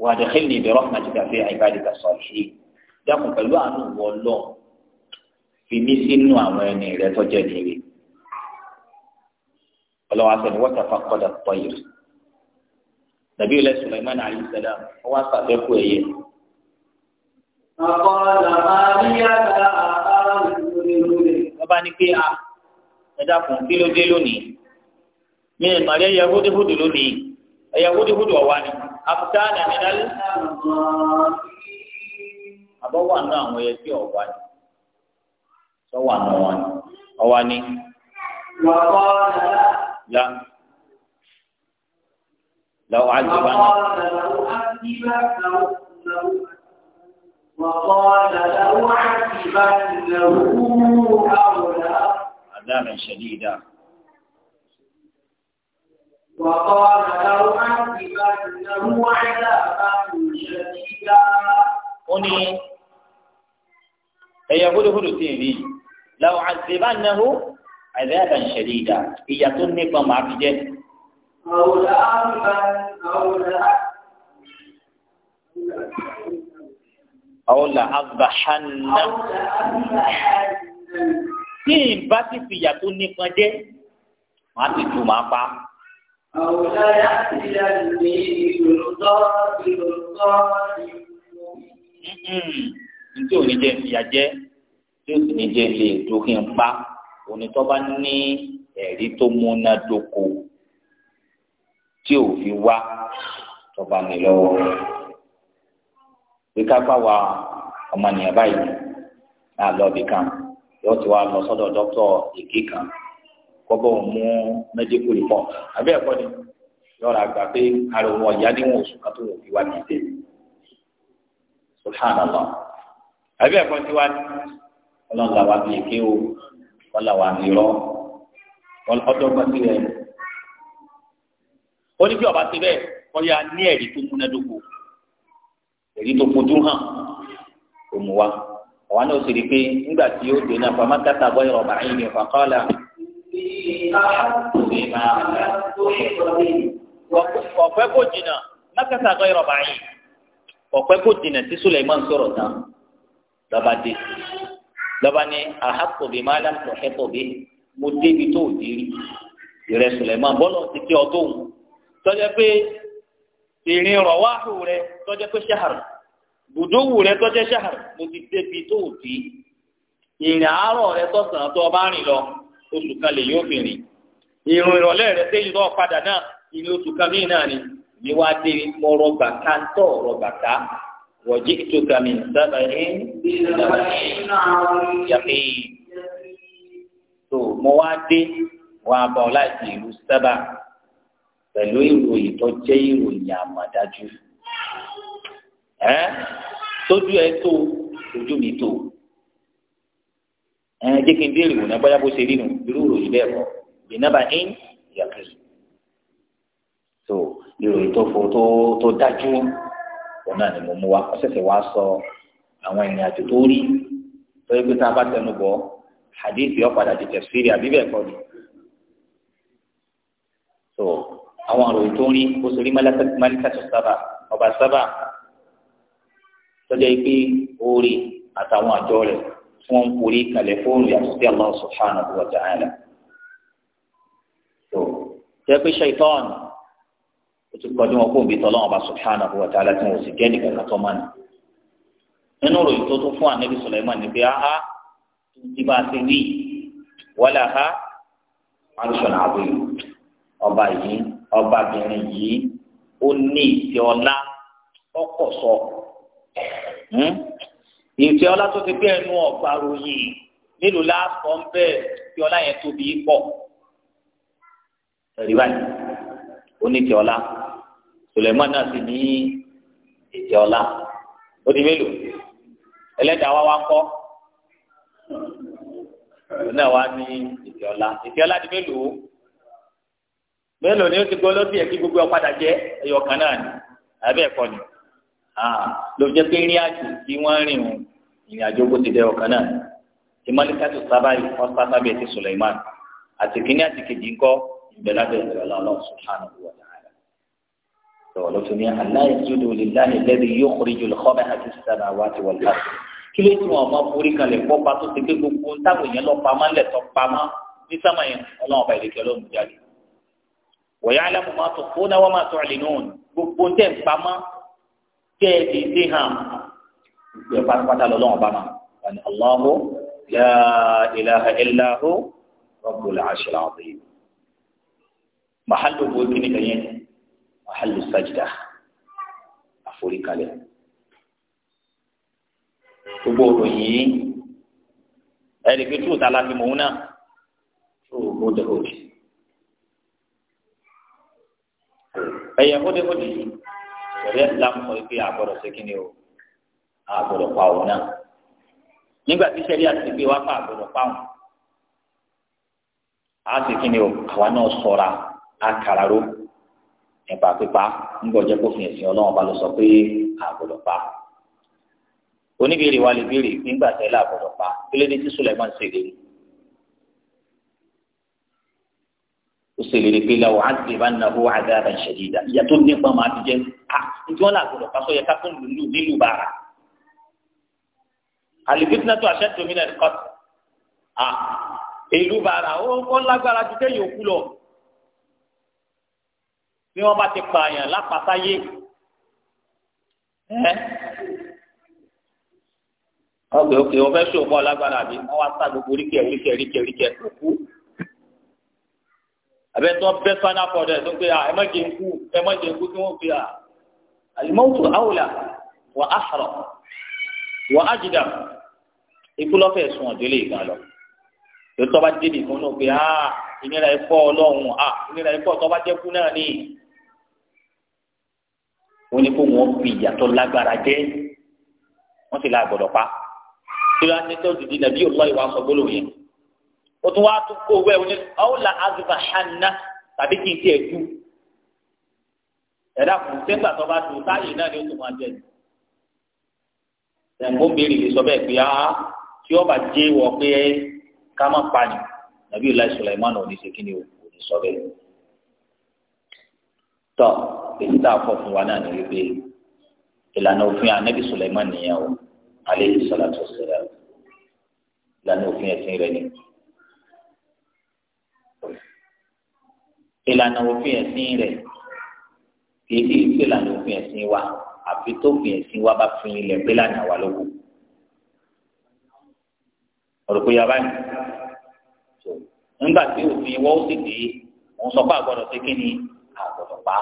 وادخلني برحمتك في عبادك الصالحين dákun pẹ̀lú àánú wọ lọ fi mí sínú àwọn ẹni rẹ tọ́jọ́ ìdílé ọlọ́wọ́ aṣọ ni wọ́n ti fakọ́dà pọ̀yìrì nàbí ilẹ̀ Sulaiman alayhi salam wọ́n wá sàfẹ́kù ẹ̀yẹ. àkọọ́lá máa ń yára àbára lórí. wọ́n bá ní pé a ẹ dákun kí ló dé lónìí mi ẹ̀ màrí ẹ̀yà húdúhúdú lónìí ẹ̀yà húdúhúdú ọ̀wá ni abukana minali abọ́ wà nù àwọn ẹyẹ tí ọ̀wá ni sọ wà nù wọn ni ọ̀wá ni. la lọ́wọ́ àjùbá náà. وقال لأعذبنه أو لأ عذابا شديدا وقال لأعذبنه عذابا شديدا أني فيقول هدو تيري لأعذبنه عذابا شديدا إيا تني فما عبجة أو لأعذبن أو لأعذبن أو لأذبحن tí ìbá ti fìyà tó nípọn jẹ màá ti tù màá pa أو لا يأتيني سلطان سلطان ntí ò ní jẹ ìyà jẹ tí ó sì ní jẹ lè tó kí n pa onítọ́ bá ní ẹ̀rí tó múnádóko tí ò fi wá tọba mi lọ́wọ́ bí kápá wa ọmọnìyàn báyìí náà lọ bìkan yóò ti wá lọ sọ́dọ̀ dókítà èké kan kọ́kọ́ wọn mú medical report abẹ́ ẹ̀kọ́ ni yọ̀rọ̀ àgbà pé ara òun ọ̀yá níwọ̀n oṣù kan tó wọ̀ fi wá ní ìdè subhanallah abẹ́ ẹ̀kọ́ ti wá ní ọlọ́run làwọn àbí èké o wọ́n làwọn àbí rọ́ ọdọ́gbọ́n sí rẹ̀ ó ní bí ọba ti bẹ́ẹ̀ wọ́n ní ẹ̀rí tó múnádóko èyí tó fojú hàn òmùwa àwa náà sì rí i pé nígbà tí ó dé náà pàmò kátà bọ́ ìrọ̀bà yìí ni fàkọ́lá. أحب بما لم تحب به ọ̀pẹ́ kò jìnnà mákàtà kan yọrọ báyìí ọ̀pẹ́ kò jìnnà tí Suleiman sọ̀rọ̀ tán lọ́ba dé lọ́ba ní ahakobi madam tọ́kẹ́kọ̀bi mo débi tó o déri ìrẹ́ Suleiman bọ́lọ̀ ti kí ọ tó ń tọ́jà pé ìrìn rọ̀wáhù rẹ tọ́jà pé ṣahàrù bùdówù rẹ tọ́jà ṣahàrù mo ti débi tó o dé ìrìn àárọ̀ rẹ tọ́sán tó o bá rìn lọ oṣù kan lè yóò fi rìn ìrùn ìrọ̀lẹ́ rẹ sẹ́yìn tó padà náà ìní oṣù kan míì náà ni ní wàá dé mọ̀rọ̀ bàtà ń tọ̀ ọ̀rọ̀ bàtà wọ̀jí tó ga mi sábà ní sábà ní yàtí tó mo wá dé wàá bá ọ láti ìlú sábà pẹ̀lú ìròyìn tó jẹ́ ìròyìn àmàdájú ẹ́ tójú ẹ tó ojú mi tó ẹ jẹ́ kí n béèrè wò náà bóyá bó ṣe rí nu irú ìròyìn bẹ́ẹ̀ kọ́ ìnába ń yàtọ̀ so ìròyìn tó fo tó tó dájú òun náà ni mo mú wa ọ̀sẹ̀sẹ̀ wa sọ àwọn ìrìn àjò tó rí lórí pé tá a bá tẹnu bọ̀ hadithi ọ̀padà ti tẹ̀síìrì àbí bẹ́ẹ̀ kọ́ ni so àwọn ìròyìn tó rí ó sọ rí málíkà tó sábà ọba sábà tọ́jà yìí oore àtàwọn àjọ rẹ̀. tí wọ́n ń kalẹ̀ fóònù yàtọ̀ Allah subhanahu wa ta'ala. tó jẹ́ pé ṣaitan ti kọjú wọn kó òbí tọ́lọ́ ọba subhanahu wa ta'ala tí wọ́n sì jẹ́ nìkan kan tó máa nínú tó tún fún anabi Sulaiman ní pé aha tí bá a ti ha ọba yìí yìí ó ní ìfẹ́ ọlá ọkọ̀ sọ hmm? ìfẹ́ ọlá tó ti gbé ẹnu ọ̀gbà ròyìn nílùú láàpọ̀ ń bẹ̀ kí ọlá yẹn tóbi pọ̀ ẹ̀rí báyìí ó ní ìfẹ́ ọlá sùlẹ̀mọ́ náà sì ní ìfẹ́ ọlá ó di mélòó ẹlẹ́dàá wá wá ń kọ́ náà wá ní ìfẹ́ ọlá ìfẹ́ ọlá di mélòó mélòó ni ó ti gbọ́ lọ́sí ẹ̀kí gbogbo ọ̀padà jẹ́ ẹ̀yọ̀kan náà ni àbẹ́ ẹ̀kọ́ ni ah, ló jẹ́ pé rí àjò tí wọ́n rìn wọn ìrìn àjò bó ti dẹ ọ̀kan náà ìmọ̀lẹ́kàtù sábà yìí wọ́n sá sábẹ̀ ti Suleiman àti kínní àti kejì ńkọ́ ìbẹ̀lẹ̀ abẹ́ ìrẹ̀lẹ̀ ọlọ́run subhanahu wa ta'ala. lọ́wọ́ ló fi ní aláì sódò lillahi alladhi yukhrijul khaba'a fis samawati wal ard. kí ló tún ọmọ forí kan lè kọ́ pa tó ti gbé gbogbo táwọn èèyàn lọ pamọ́ lẹ̀ pamọ́ ní sámà yẹn ọlọ́run ìgbẹ́ pátápátá lọ́lọ́wọ́n bá ma wà ní Allahu la ilaha illa hu rabbul arshil azim mahalu bo kini kan yẹn mahalu sajda àforíkalẹ̀ gbogbo òròyìn yìí ẹ̀rí pé tó ta la fi mò ń náà tó gbọdọ̀ òdì ẹ̀yẹ kódekódì yìí sọ̀rọ̀ ẹ̀ lámùsọ̀ pé àgbọ̀dọ̀ sí kíni o. àgbọ̀dọ̀ pa òun náà nígbà tí sẹ́rí àti gbé wá fà àgbọ̀dọ̀ pa òun á sì kí ni o àwa náà sọra pípa ńgbọ̀ jẹ́ ẹ̀sìn ọlọ́run bá lọ sọ pé àgbọ̀dọ̀ pa oníbèrè wa lè béèrè nígbà pa ìyá tó nípa máa ti jẹ́ ah pa sọ yẹ ká àlìfitìnà tó àṣẹ tó mi náà kọ́ à ìlú bàrà ó ń kọ́ lágbára ju téèyàn kú lọ bí wọ́n bá ti pààyàn lápàtàyé ẹ́ ọ̀gbẹ́ òkè wọ́n fẹ́ ṣòwò lágbára bí wọ́n wá sá gbogbo oríkẹ́ oríkẹ́ oríkẹ́ oríkẹ́ tó kú abẹ́ tó bẹ́ sọ́nà fọ̀dọ̀ ẹ̀ tó pé ẹ má nkú ẹ má nkú kí wọ́n fi à alimọ́tò àwòlà wà á sọ̀rọ̀ wà á jìdá ikú lọ́fẹ̀ẹ́ sùn ọ̀dọ́ lè gan lọ lórí tọ́ba débi fún náà pé a ìnira ẹ̀fọ́ ọlọ́run a ìnira ẹ̀fọ́ tọ́ba jẹ́ kú náà ní. wọ́n ní kó wọ́n fi ìyàtọ̀ lágbára jẹ́ wọ́n sì la gbọ́dọ̀ pa kí ló á ní tó dìde nàbí òlọ́ ìwà sọ gbólóhùn yẹn ó tún wá tún kó wẹ́ oní ọ̀là azùbà hànà tàbí kí n tiẹ̀ kú ẹ̀dá kù sẹ́gbà tọ́ba tù táyì náà ni ó tún máa jẹ́ ẹ̀ ń bó ń béèrè sọ bẹ́ẹ̀ pé á ah, tí ọba jẹ́ wọ pé ká má pani nàbí ọlá Sulaiman ò ní ṣe kí ni o ò ní sọ bẹ́ẹ̀. tọ́ èyí tá a fọ fún wa náà ní wípé ìlànà òfin anabi Sulaiman nìyẹn o aleyhi salatu wassalam ìlànà òfin ẹ̀sìn rẹ̀ ni. ìlànà òfin ẹ̀sìn rẹ̀ kì í sì ìlànà òfin ẹ̀sìn wa àfi tó fi ẹ̀sìn wa bá fi ilẹ̀ pé lánàá wa lóko ọ̀rọ̀ pé yaba yìí tó nígbà tí òfin wọ́n ó sì dé òun sọ pé àgbọ̀dọ̀ pé kí ni àgbọ̀dọ̀ pa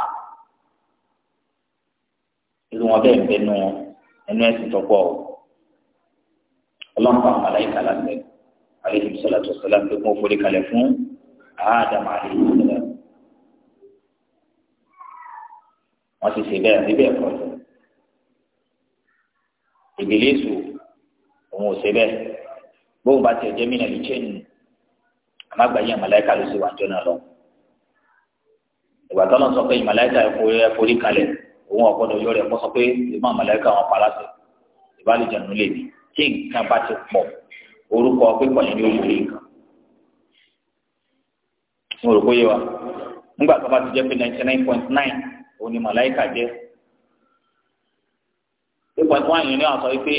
irú wọn bẹ́ẹ̀ bẹ́ẹ̀ nu ẹnu ẹ̀sìn tó pọ̀ ọlọ́run pàmò àlàyé kàlá ń bẹ̀ àlejò sọlá tó sọlá pé kó forí kalẹ̀ fún àádàmà àlejò sọlá wọ́n ti ṣe bẹ́ẹ̀ àbí bẹ́ẹ̀ kọ́ ìgbìlẹ̀ èso òun ò ṣe bẹ́ẹ̀ bóun bá tiẹ̀ jẹ́ mí nàlí chain àmàgbà yẹn màláìka ló sì wà jọ náà lọ. ìgbà tọ́lọ̀ sọ pé màláìka ẹ̀ forí kalẹ̀ òun ọ̀gbọ́dọ̀ yọ rẹ̀ kó sọ pé ìmọ̀ màláìka wọn palasẹ̀ ìbálòjọ nù lè ní tí nǹkan bá ti pọ̀ orúkọ pípọ̀ yẹn ní olùrí nǹkan. mo rò bóyá wa nígbà tó bá ti jẹ́ pé ninety nine point nine òun ni màláìka jẹ́ pípọ̀ tí wọ́n yẹn ní àwọn sọ wípé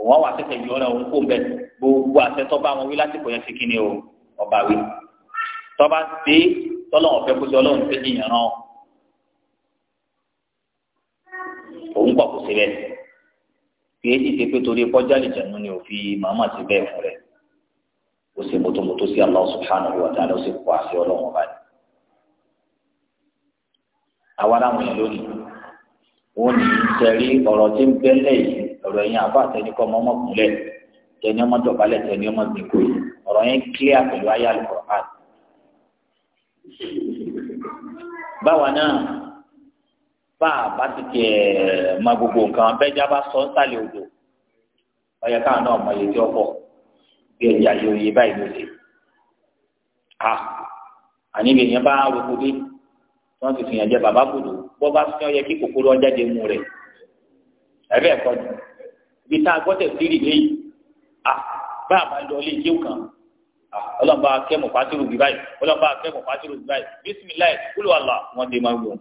òun àwọn àtẹtẹ yọ ọ náà òun kò bẹ gbogbo àtẹtọ bá wọn wí lásìkò yẹn ti kí ni o ọba wí tọba dé tọlọ ọfẹ kó sí Ọlọ́run tẹjì yẹn rán òun pọ kò sí bẹ kì í pé torí kọjá lè jẹnu ni òfin màmá ti bẹ fún rẹ ó sì mọtòmọtò sí Allah subhanahu wa ta'ala ó sì kó àṣẹ Ọlọ́run ọba ni àwa làwọn yẹn lónìí wọn ní sẹ́rí ọ̀rọ̀ tí ń bẹ́lẹ̀ yìí ọ̀rọ̀ yẹn àbá àtẹnikọ́ ọmọ ọmọkùnlẹ̀ tẹni ọmọ dọ̀bálẹ̀ tẹni ọmọ gbẹ̀kọ yìí ọ̀rọ̀ yẹn clear pẹ̀lú ayé Al-Qur'an. báwa náà bá a bá ti tiẹ̀ ma gbogbo nǹkan bẹ́ẹ̀jà bá sọ nsàlẹ̀ odò ọ̀yẹ káà náà mọ̀ yẹtí ọkọ̀ bí ẹ̀jẹ̀ ayé oyè báyìí ló tí wọ́n ti fi hàn jẹ bàbá gbòdò bọ́ bá sún yẹ kí kòkòrò ọjà dé mú rẹ̀ ẹ̀rẹ́ ẹ̀kọ́ ni ibi tá a gbọ́dọ̀ sí rì léyìí à bá a máa lọ ilé ìjẹun kan ọlọ́ba akẹ́mù pàṣírù bí báyìí ọlọ́ba akẹ́mù pàṣírù bí báyìí bísímìláì kúlù àlà wọn dé máa ń gbọ́.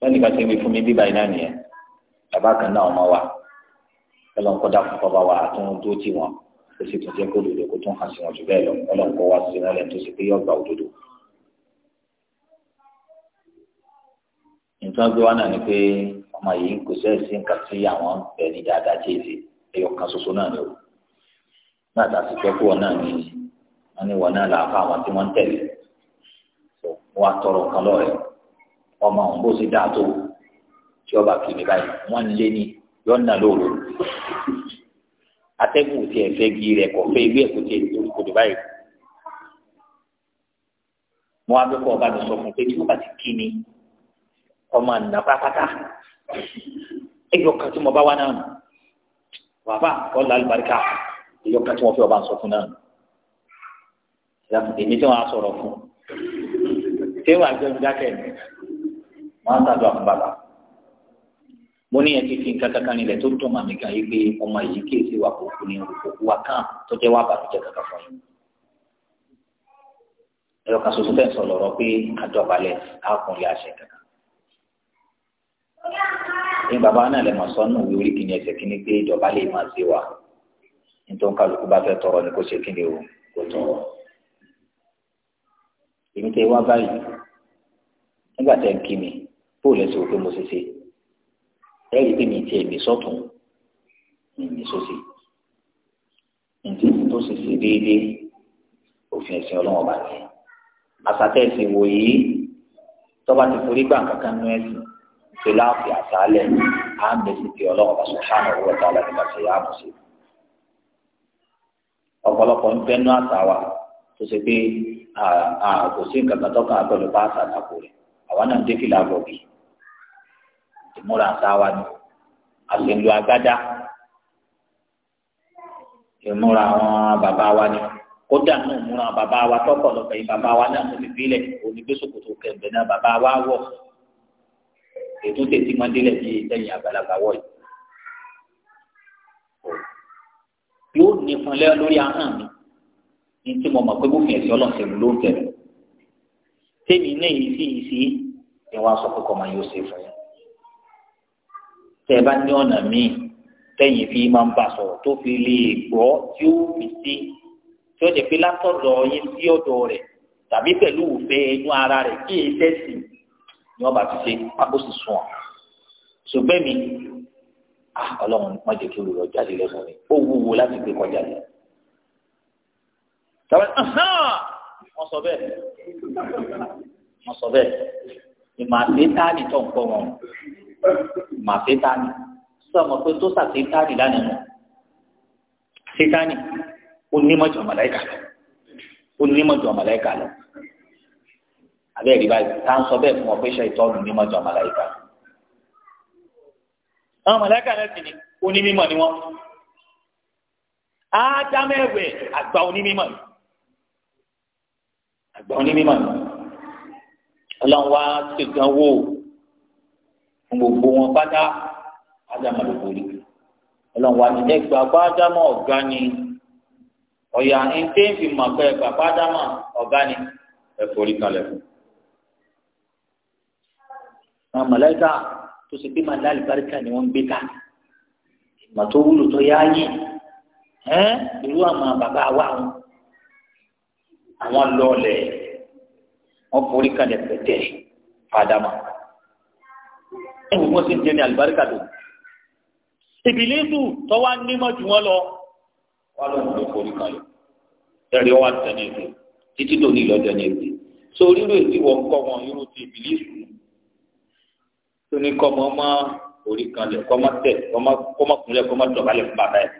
lẹ́nu ìgbà tí mi fún mi bí báyìí náà nìyẹn bàbá kan náà ọmọ wa ẹlọ́nkọ́dá fún bàbá wa àtúntò tí wọn ó sì tún jẹ́ kó lè kó tún hàn sí wọn jù bẹ́ẹ̀ lọ ọlọ́run kó wá sí wọn lẹ́nu tó ṣe pé yọ̀gbà òdodo. nǹkan gbé wá náà ni pé ọmọ yìí kò sẹ́ẹ̀ sí nǹkan tí àwọn ń bẹ ní dáadáa tí èsì ẹyọ kan ṣoṣo náà ni o náà tà sí pé kó wọn náà ni wọn ní wọn náà làákà àwọn tí wọn ń tẹ̀lé wọn àtọrọ kan lọ́rẹ̀ ọmọ òun bó ṣe tí ọba kìíní báyìí wọn lé ní yọ̀ọ́ náà atẹ́gùn tí ẹ fẹ́ gi rẹ̀ kọ̀ fẹ́ ewé ẹ̀kọ́ tí ẹ ti torí kodò báyìí. mo wá bẹ́ẹ̀ kọ́ ọba mi sọ fún pé tí mo bá ti kí ni ọmọ àná pátápátá ẹ̀yọ kan tí mo bá wá náà nù bàbá ọ̀là àlùbáríkà ẹ̀yọ kan tí mo fẹ́ ọba sọ fún náà nù. èmi tí wọ́n á sọ̀rọ̀ fún ṣé wàá gbẹ́rù dákẹ́ mi wọ́n á sàdúrà fún bàbá mo ní ẹtí fi nǹkan kankan nílẹ̀ tó dùn màmí kan yìí pé ọmọ yìí kì í ṣe wà kókó ní òkú wa kàn tó jẹ́ wà bàtújẹ́ kankan fún yín. ẹ̀rọ kan ṣoṣo fẹ́ẹ́ sọ lọ́rọ̀ pé àdọ̀balẹ̀ àkùnrin àṣẹ kankan. ní bàbá náà lè mọ̀ sọ́nù wí orí kìíní ẹsẹ̀ kìíní pé ìjọba máa ṣe wà nítorí kálukú bá fẹ́ tọrọ ni kò ṣe kí o kò tọrọ. èmi tẹ wá báyìí nígbà tẹ ń kí mi bóòlù ẹsẹ̀ ẹ rí i pé mi tiẹ̀ mi sọ́tún mi mi sósì ntí tó sì ṣe déédéé òfin ẹ̀sìn ọlọ́run ọba tiẹ̀ àsàtẹ́sì wò yìí tọ́ba ti forí gbà kankan nú ẹ̀sìn ṣe láàfin àṣálẹ̀ á ń bẹ̀sí ti ọlọ́run ọba sọ̀tánù owó ọ̀tá alágbèbá ṣe yá àmọ̀ sí ọ̀pọ̀lọpọ̀ ń fẹ́ nú àṣà wa tó ṣe pé kò sí nǹkan kan tọ́ka pẹ̀lú bá àṣà àtàkùn rẹ̀ àwa náà ń dé fìlà bọ̀ bíi múra sáwa ni àṣìlò àgádá ìmúra àwọn bàbá wa ni kódà náà múra bàbá wa tọkọ lọfẹ yìí bàbá wa náà tó fi bílẹ onígbésòkòtò kẹgbẹ náà bàbá wa wọ ètò tètè máa délẹ bí ẹ̀yìn àgbàlagbà wọ yìí yóò nípọn lẹ lórí ahọ́n mi ní tí mo mọ̀ pé bófin ẹ̀sìn ọlọ́sẹ̀ ló ń tẹ̀lé tèmi náà yìí sí yìí sí ni sọ pé kọ́ yóò ṣe fún yín tẹ́ ẹ bá ní ọ̀nà míì tẹ́yìn fi máa ń bá sọ̀rọ̀ tó fi lè gbọ́ tí ó fi sí tí ó jẹ́ pé látọ̀dọ̀ yín sí ọ̀dọ̀ rẹ̀ tàbí pẹ̀lú òfé inú ara rẹ̀ kí èyí tẹ̀sí ni wọ́n bá ti ṣe pákó sì sùn ọ̀ ṣùgbẹ́ mi ah, ọlọ́run má jẹ́ kí olùrọ̀ jáde lẹ́nu mi ó wúwo láti gbé kọjá lẹ̀ tàbí wọ́n sọ bẹ́ẹ̀ wọ́n sọ bẹ́ẹ̀ ìmọ̀ àti táàlì mà sétani sọmọ pé tó sà sétani lánàá nù sétani onímọ̀jọ̀ màláìkà lọ onímọ̀jọ̀ màláìkà lọ abẹ́rẹ́ rí báyìí tá à ń sọ bẹ́ẹ̀ fún ọ pé ṣètọ́nù onímọ̀jọ̀ màláìkà lọ. àwọn màláìkà náà sì ni onímọ̀ ni wọ́n ádámẹ́wẹ̀ àgbà onímọ̀ ni àgbà onímọ̀ ni ọlọ́run wá ṣèdánwò fún gbogbo wọn pátá ádámà ló borí ọlọ́run wa ní ẹgbàá bá ádámà ọ̀gá ni ọ̀yà ẹ̀ńtẹ́ fi mọ̀ pé ẹgbàá bá ádámà ọ̀gá ni ẹ forí kalẹ̀ fún. àwọn mọ̀lẹ́ta tó ṣe pé máa dálì báríkà ni wọ́n ń gbé ká ìmọ̀ tó wúlò tó yá yé ẹ́ irú àwọn bàbá wa wọn àwọn lọ́ọ̀lẹ̀ wọ́n forí kalẹ̀ pẹ̀tẹ́ fàdámà ẹ̀wù wọn ti ń jẹ ní àlùbáríkà tó. ìbílísù tó wá nímọ̀ jù wọ́n lọ wá lóun ló forí kan lọ. ẹ̀rí wá tẹ̀lé ètò títí tó ní ìlọ́jọ́ ní ètò. so rírò ètò wọn kọ́ wọn irú ti ìbílísù tó ní kọ́ mọ́ mọ́ orí kan lẹ̀ kọ́ mọ́ tẹ̀ kọ́ mọ́ kúnlẹ̀ kọ́ mọ́ dọ̀bálẹ̀ fún bàbá ẹ̀.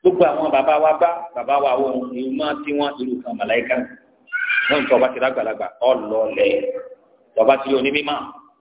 gbogbo àwọn bàbá wa bá bàbá wa wọ ìmọ̀ tí wọ́n irú kan màláìka wọ́n ń tọ́ ọba ti rágbàlagbà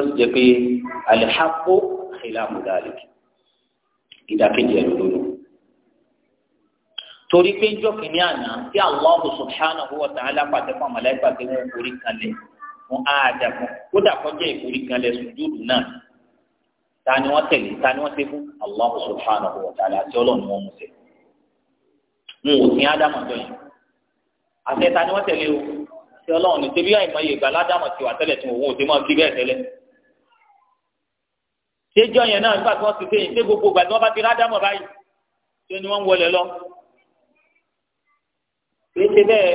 tó sì jẹ́ pé alihakó khilafu dalik ìdákejì ẹ̀ lódodo torí pé njọ́ kìíní àná tí Allahu subhanahu wa ta'ala pàṣẹ fún àmàlẹ́gbà tí wọ́n forí kalẹ̀ fún Ádámù kódà kọjá ìforí kalẹ̀ sùdúdù náà ta ni wọ́n tẹ̀lé ta ni wọ́n ṣe fún Allahu subhanahu wa ta'ala àti ọlọ́run wọn mú sẹ́ ń wò sí ádámù àjọ yìí àti ta ni wọ́n tẹ̀lé o ṣé ọlọ́run ní ṣe àìmọye ìgbà ládàmọ̀ ti wà tí wọ́n wò ó ṣe máa fi séjọ yẹn náà nígbà tí wọ́n ti fẹ́ yìí ṣé gbogbo ìgbà tí wọ́n bá ti rádàmọ̀ báyìí ṣé ni wọ́n ń wọlé lọ. kì í ṣe bẹ́ẹ̀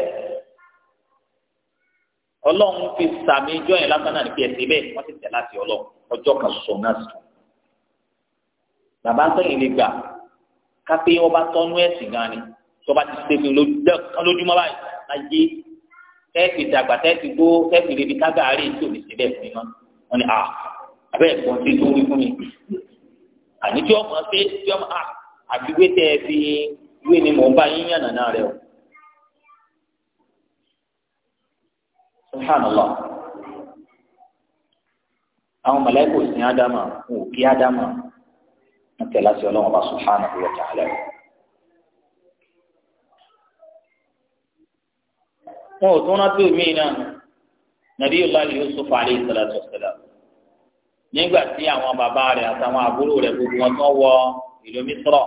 ọlọ́run fi sàmì ìjọ yẹn lásán náà ní kí ẹ ṣe bẹ́ẹ̀ wọ́n ti tẹ̀ láti ọlọ́run ọjọ́ kan sọ náà sùn. bàbá sẹ́yìn lè gbà kápé wọn bá tọ́nú ẹ̀sìn gan ni tó bá ti ṣe fún lójúmọ́ báyìí láyé tẹ́ẹ̀tì dàgbà tẹ́ẹ̀tì gbó tẹ́ẹ̀tì abẹ́ ẹ̀gbọ́n ti tó wí fún mi àní tí ọmọ ṣe tí ọmọ a àfiwé tẹ ẹ fi wé ni mò ń bá yín yàn nàná rẹ o. subhanallah àwọn mọ̀lẹ́kọ̀ sí ádámà wọn ò kí ádámà wọn tẹ̀lé àṣẹ ọlọ́run ọba subhanahu wa ta'ala o. wọn ò tún rántí omi náà nàbí ọlá Yusuf alayhi salatu wa salam nígbà tí àwọn bàbá rẹ̀ àtàwọn àbúrò rẹ̀ gbogbo wọn tán wọ ìlú mísírọ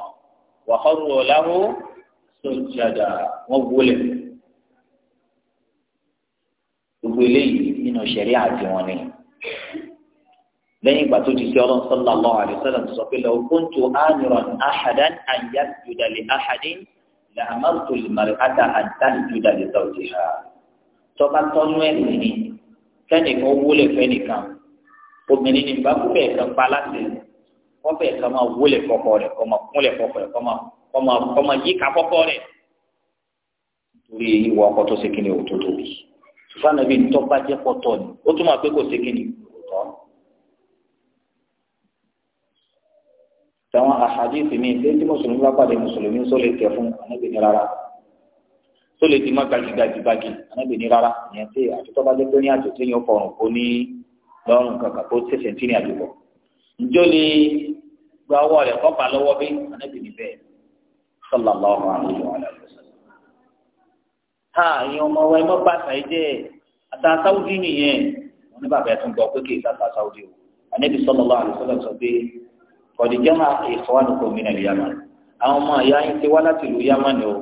wàhálù ọ̀làwó sọ̀jàdà wọn wọlé gbogbo eléyìí nínú sẹ̀rí àti wọn ni lẹ́yìn ìgbà tó ti ṣe ọlọ́run sallallahu alaihi wasallam sọ pé law kuntu amiran ahadan an yasjuda li ahadin làmàtò ìmàlẹ̀ àtà àtàlùjúdà li zawjiha tọ́ba tọ́nú ẹ̀ nìyí kẹ́nìkan wọlé fẹ́nìkan obìnrin ní bá kú bẹ́ẹ̀ kan pa láti kọ́ bẹ́ẹ̀ kan máa wọlé kọ́kọ́ rẹ̀ kọ́ máa kúnlẹ̀ kọ́kọ́ rẹ̀ kọ́ máa kọ́ máa kọ́ máa yíká kọ́kọ́ rẹ̀ torí ìwà ọkọ tó ṣe kíni òtó tóbi ṣùgbọ́n àbí ntọ́ba jẹ́ pọ̀tọ́ ni ó túmọ̀ pé kò ṣe kíni òtọ́. tàwọn àhàdìsì mi ṣé tí mùsùlùmí bá pàdé mùsùlùmí sọ lè tẹ fún anábìnrin rárá tó lè ti má gbajúgbajù bági anábìnrin rárá ìyẹn tí àtúntọ́ bá jẹ́ pé ní àtúntò yẹn fọrùn kó ní lọ́rùn kankan kó ṣẹ̀ṣẹ̀ tí ní àdúgbò njó lè gba ọwọ́ rẹ̀ kọ́ bá lọ́wọ́ bí anábì níbẹ̀ sallallahu alaihi wa sallam. ha ìyẹn ọmọ wa ẹ má bá àṣà yìí jẹ́ àṣà sáwùdí nìyẹn wọn ní bàbá ẹ tún gbọ́ pé kì í sàṣà sáwùdí o anábì sallallahu alaihi wa sallam sọ pé kọ̀díjà ikhwanukum min al-Yaman àwọn ọmọ àyà yín ti láti ìlú Yaman o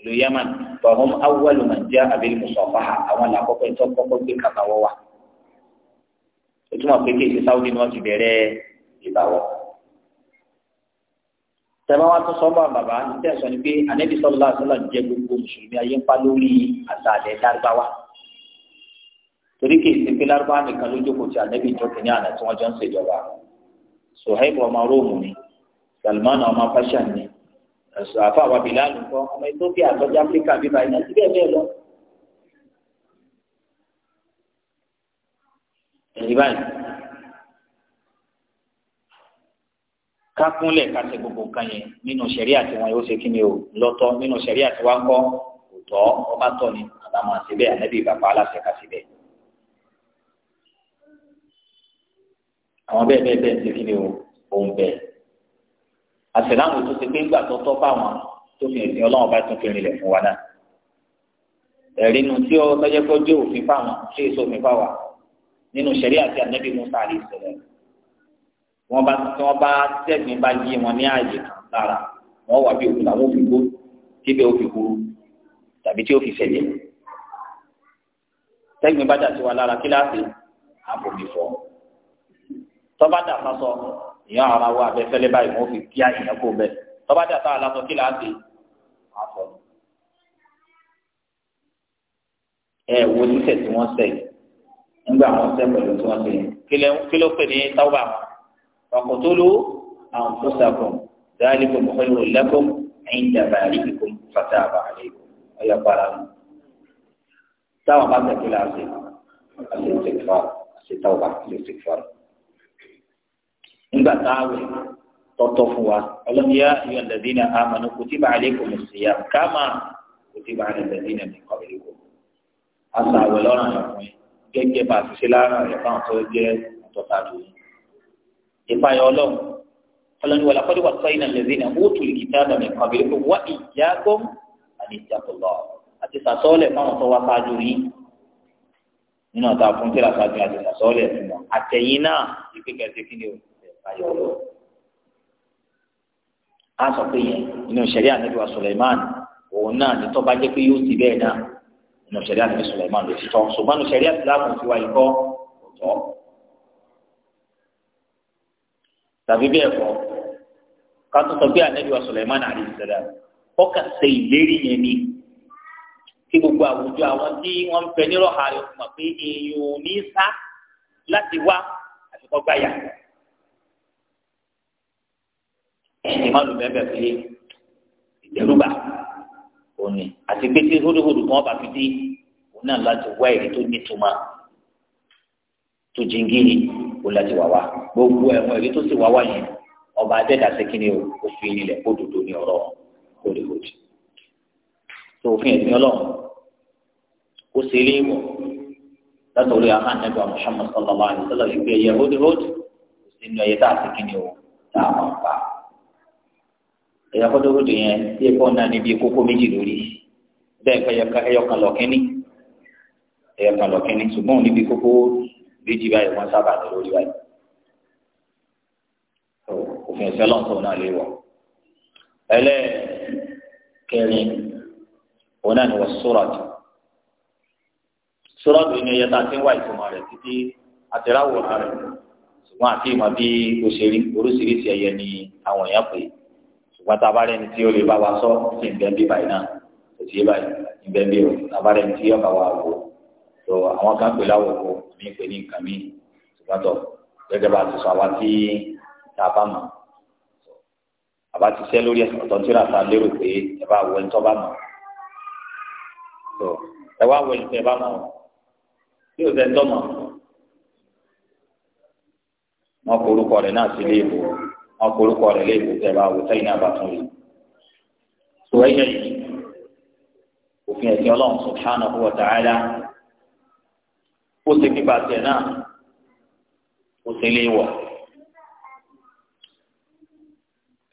ìlú Yaman fahum awwalu man ja'a bil musafaha àwọn làkọ́kọ́ ìtọ́kọ́kọ́ gbé kàtàwọ́ wa ìtumọ̀ pé kéèké sáwùdí ni wọ́n ti bẹ̀rẹ̀ ìbàwọ̀. tẹ̀lé wa tún sọ bá bàbá tẹ̀ sọ ni pé anabi sallallahu alaihi wasallam jẹ́ gbogbo mùsùlùmí ayé ń pa lórí àṣà àlẹ́ lárúbáwá torí kì í ṣe pé lárúbáwá nìkan ló jókòó ti anabi jókòó ní àná tí wọ́n jọ ń ṣèjọba Suhaib ọmọ róòmù ni Salman ọmọ fashion ni àfọ àwọn abilá lùkọ́ ọmọ Ethiopia àtọ́jú Áfíríkà bíbá iná síbẹ̀ èyí báyìí kákúnlẹ̀ ká ṣe gbogbo nǹkan yẹn nínú ṣẹ̀ríà tí wọn yóò ṣe kí ni o lọ́tọ̀ nínú ṣẹ̀ríà tí wọn kọ́ kò tọ́ ọba tọ́ ni àtàwọn àṣìbẹ́ ànábì bàbá aláṣẹ ká ṣe bẹ́ẹ̀. àwọn bẹ́ẹ̀ bẹ́ẹ̀ bẹ́ẹ̀ ṣe kí ni o òun bẹ́ẹ̀. àṣìláàmù tó ti pé ńgbà tó tọ́ fáwọn tó fi ẹ̀sìn ọlọ́run bá tún fi rinlẹ̀ fún wa náà. ẹ̀rí nu tí ó tọ́jẹ́ pé ó jẹ́ òfin fáwọn tí èso òfin fáwọn nínú sẹ̀rí àti ànábì musa àlè ìṣẹ̀lẹ̀ wọn bá tí wọn bá tẹ̀sìn bá yí wọn ní ààyè kan lára wọn wà bí òkú làwọn òfin gbó tíbẹ̀ òfin kúrú tàbí tí ó fi fẹ̀lẹ̀ tẹ́gbìn bá dà sí wa lára kíláàsì àbòmí fọ tọ́ba dà sásọ ìyàn ara wa abẹ́fẹ́lẹ́ báyìí wọn fi kí àyàn kó bẹ́ẹ̀ tọ́ba dà sá àlásọ kíláàsì àfọ ẹ wo níṣẹ́ tí wọ́n sẹ́yìn. nígbà wọn ṣe pẹ̀lú tí wọ́n ṣe kílẹ̀ kílẹ̀ pè ní tọ́ba fakutulu anfusakum dhalikum khayrun lakum inda bari'ikum fataba alaykum ọ̀yà para mu. táwọn bá tẹ̀kí la ṣe àṣẹ ìṣèkfà àṣẹ tọ́ba àṣẹ ìṣèkfà. nígbà táwọn tọ́tọ́ fún wa ọlọ́mìyá yóò lẹ́dí ní amanu kò alaykum as-siyam kama kutiba ní alladhina min qablikum. àṣà àwẹ̀ lọ́rùn àyàfọ́ yìí. gẹ́gẹ́ bá a ti ṣe lára rẹ̀ fáwọn tó jẹ́ ọ̀tọ̀ta lò yìí. ìpayọ̀ ọlọ́run ọlọ́run wà lápọ́dé wà sọ iná lẹ́sìn náà wọ́n tún kìtà àdàmì kan bí wọ́n wá ìjà àti ìjà lọ àti sàsọ́ọ̀lẹ̀ fáwọn tó wá sáájú yìí nínú ọ̀tá fún tíra sáájú àti sàsọ́ọ̀lẹ̀ fún wọn àtẹ̀yìn náà ìpè kẹsẹ̀ kí ni o ìpayọ̀ ọlọ́run. a sọ pé yẹn inú ìṣẹ̀lẹ̀ àná nínú sẹ̀rí àti sùlẹ̀mán ló ti tọ́ ṣùgbọ́n nínú sẹ̀rí àti láàbù ti wá ikọ́ kò tọ́ tàbí bẹ́ẹ̀ kọ́ ká tó sọ pé ànábì wa sùlẹ̀mán àrí ìṣẹ̀dá kọ́kà ṣe ìlérí yẹn ni kí gbogbo àwùjọ àwọn tí wọ́n ń fẹ́ nírọ̀ ààrẹ fún wa pé èèyàn ò ní sá láti wá àtikọ́ gbáyà ẹ̀yìn fi ìdẹ́rùbà òní àti pé tí húdùhúdù kan bá fi dé òun náà láti wá èrè tó nítumọ̀ tó jingiri kó láti wá wá gbogbo ẹ̀wọ̀n èrè tó sì wá wá yẹn ọba adẹ́dà sẹ́kìnì o kò fi ilẹ̀ kó ní ọ̀rọ̀ húdùhúdù tó òfin ẹ̀sìn ọlọ́run kó ṣe ilé ìwọ̀ látọ̀rí ahánẹ́gbà Muhammad sallallahu alayhi wa sallam ìgbé ẹ̀yẹ húdùhúdù kò sí inú ẹ̀yẹ tá a sẹ́kìnì o tá a máa ń pa á ẹ̀yà kọ́tọ́kọ́tọ́ yẹn tí ẹ kọ́ náà níbi kókó méjì lórí bẹ́ẹ̀ pé ẹyọ kan lọ kínní ẹyọ kan lọ kínní ṣùgbọ́n níbi kókó méjì báyìí wọ́n sábà ní lórí báyìí òfin ìfẹ́ lọ́sọ̀ náà lè wọ̀ ẹlẹ́ẹ̀kẹrin òun náà ni wọ́n sóràtì sóràtì ni ẹyẹ tá a ti ń wá ìtumọ̀ rẹ̀ títí àtẹ̀ráwò rẹ̀ ṣùgbọ́n àti ìmọ̀ bí òṣèré oríṣiríṣi ẹyẹ ni àwọn èèyàn pè é wàtàbárẹ̀ ní tí ó lè bá wa sọ sí ìbẹ́ẹ̀bí báyìí náà kò sí báyìí ìbẹ́ẹ̀bí o tàbárẹ̀ ní tí ó bá wa wò tó àwọn kan pè láwọ̀ kó mi pè ní nǹkan mi ṣùgbọ́tọ̀ gẹ́gẹ́ bá ti sọ àwa tí tá a bá mọ̀ àbá ti ṣẹ́ lórí ẹ̀sìn ọ̀tọ̀ tíra ta lérò pé ẹ bá wọ ẹni tó bá mọ̀ tó ẹ wá wọ ẹni tó bá mọ̀ tí ò sẹ́ńtọ́ mọ̀ wọn kọ orúkọ rẹ̀ náà sí ilé ìbò ọkọlùkọ rẹ léèkó tẹ̀lé àwòtá iná àbàtún yìí. Sùwẹ́yẹ yìí òfin ẹ̀sìn ọlọ́run subhanahu wa ta'ala ó ṣe pípa tiẹ̀ náà ó ṣe lé wọ̀.